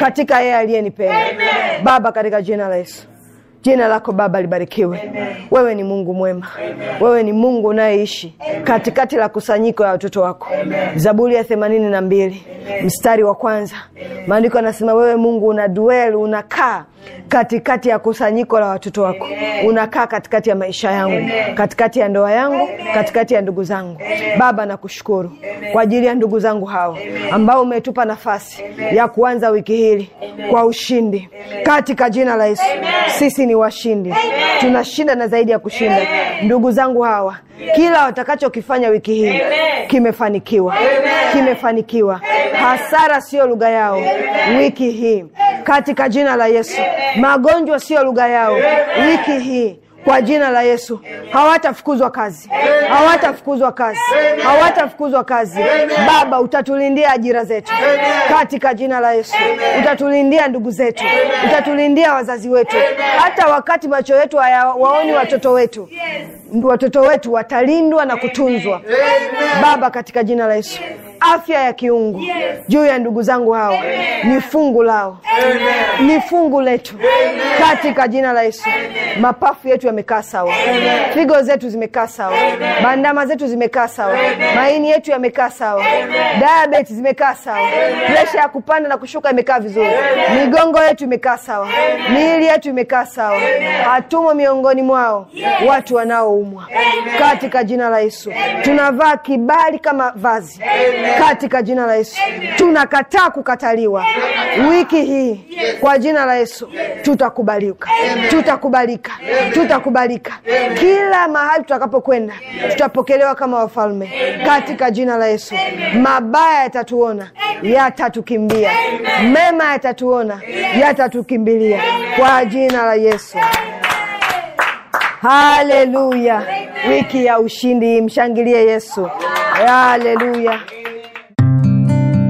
katika yeye aliyenipenda. Baba, katika jina la Yesu. Jina lako Baba libarikiwe. Amen. Wewe ni Mungu mwema. Amen. Wewe ni Mungu unayeishi katikati la kusanyiko ya watoto wako. Amen. Zaburi ya themanini na mbili mstari wa kwanza, maandiko anasema wewe Mungu una dwell, unakaa katikati ya kusanyiko la watoto wako. Unakaa katikati ya maisha yangu. Katikati ya ndoa yangu. Katikati ya ndugu zangu. Baba nakushukuru kwa ajili ya ndugu zangu hawa ambao umetupa nafasi ya kuanza wiki hili kwa ushindi katika jina la Yesu sisi ni washindi, tunashinda na zaidi ya kushinda. Amen. Ndugu zangu hawa, Kila watakachokifanya wiki hii kimefanikiwa kimefanikiwa hasara siyo lugha yao Amen. wiki hii katika jina la Yesu Amen. magonjwa siyo lugha yao Amen. wiki hii kwa jina la Yesu hawatafukuzwa kazi, hawatafukuzwa kazi, hawatafukuzwa kazi. Baba, utatulindia ajira zetu katika jina la Yesu, utatulindia ndugu zetu, utatulindia wazazi wetu, hata wakati macho yetu hayawaoni watoto wetu, watoto wetu watalindwa na kutunzwa Baba, katika jina la Yesu. Afya ya kiungu yes. juu ya ndugu zangu hao ni fungu lao, ni fungu letu katika jina la Yesu. Mapafu yetu yamekaa sawa, figo zetu zimekaa sawa, bandama zetu zimekaa sawa, maini yetu yamekaa sawa, diabetes zimekaa sawa, presha ya kupanda na kushuka imekaa vizuri, migongo yetu imekaa sawa, miili yetu imekaa sawa, hatumo miongoni mwao yes. watu wanaoumwa katika jina la Yesu. Tunavaa kibali kama vazi Amen katika jina la Yesu. Tunakataa kukataliwa wiki hii kwa jina la Yesu. Tutakubalika, tutakubalika, tutakubalika kila mahali tutakapokwenda, tutapokelewa kama wafalme katika jina la Yesu. Mabaya yatatuona, yatatukimbia; mema yatatuona, yatatukimbilia kwa jina la Yesu. Haleluya! Wiki ya ushindi, mshangilie Yesu. Haleluya!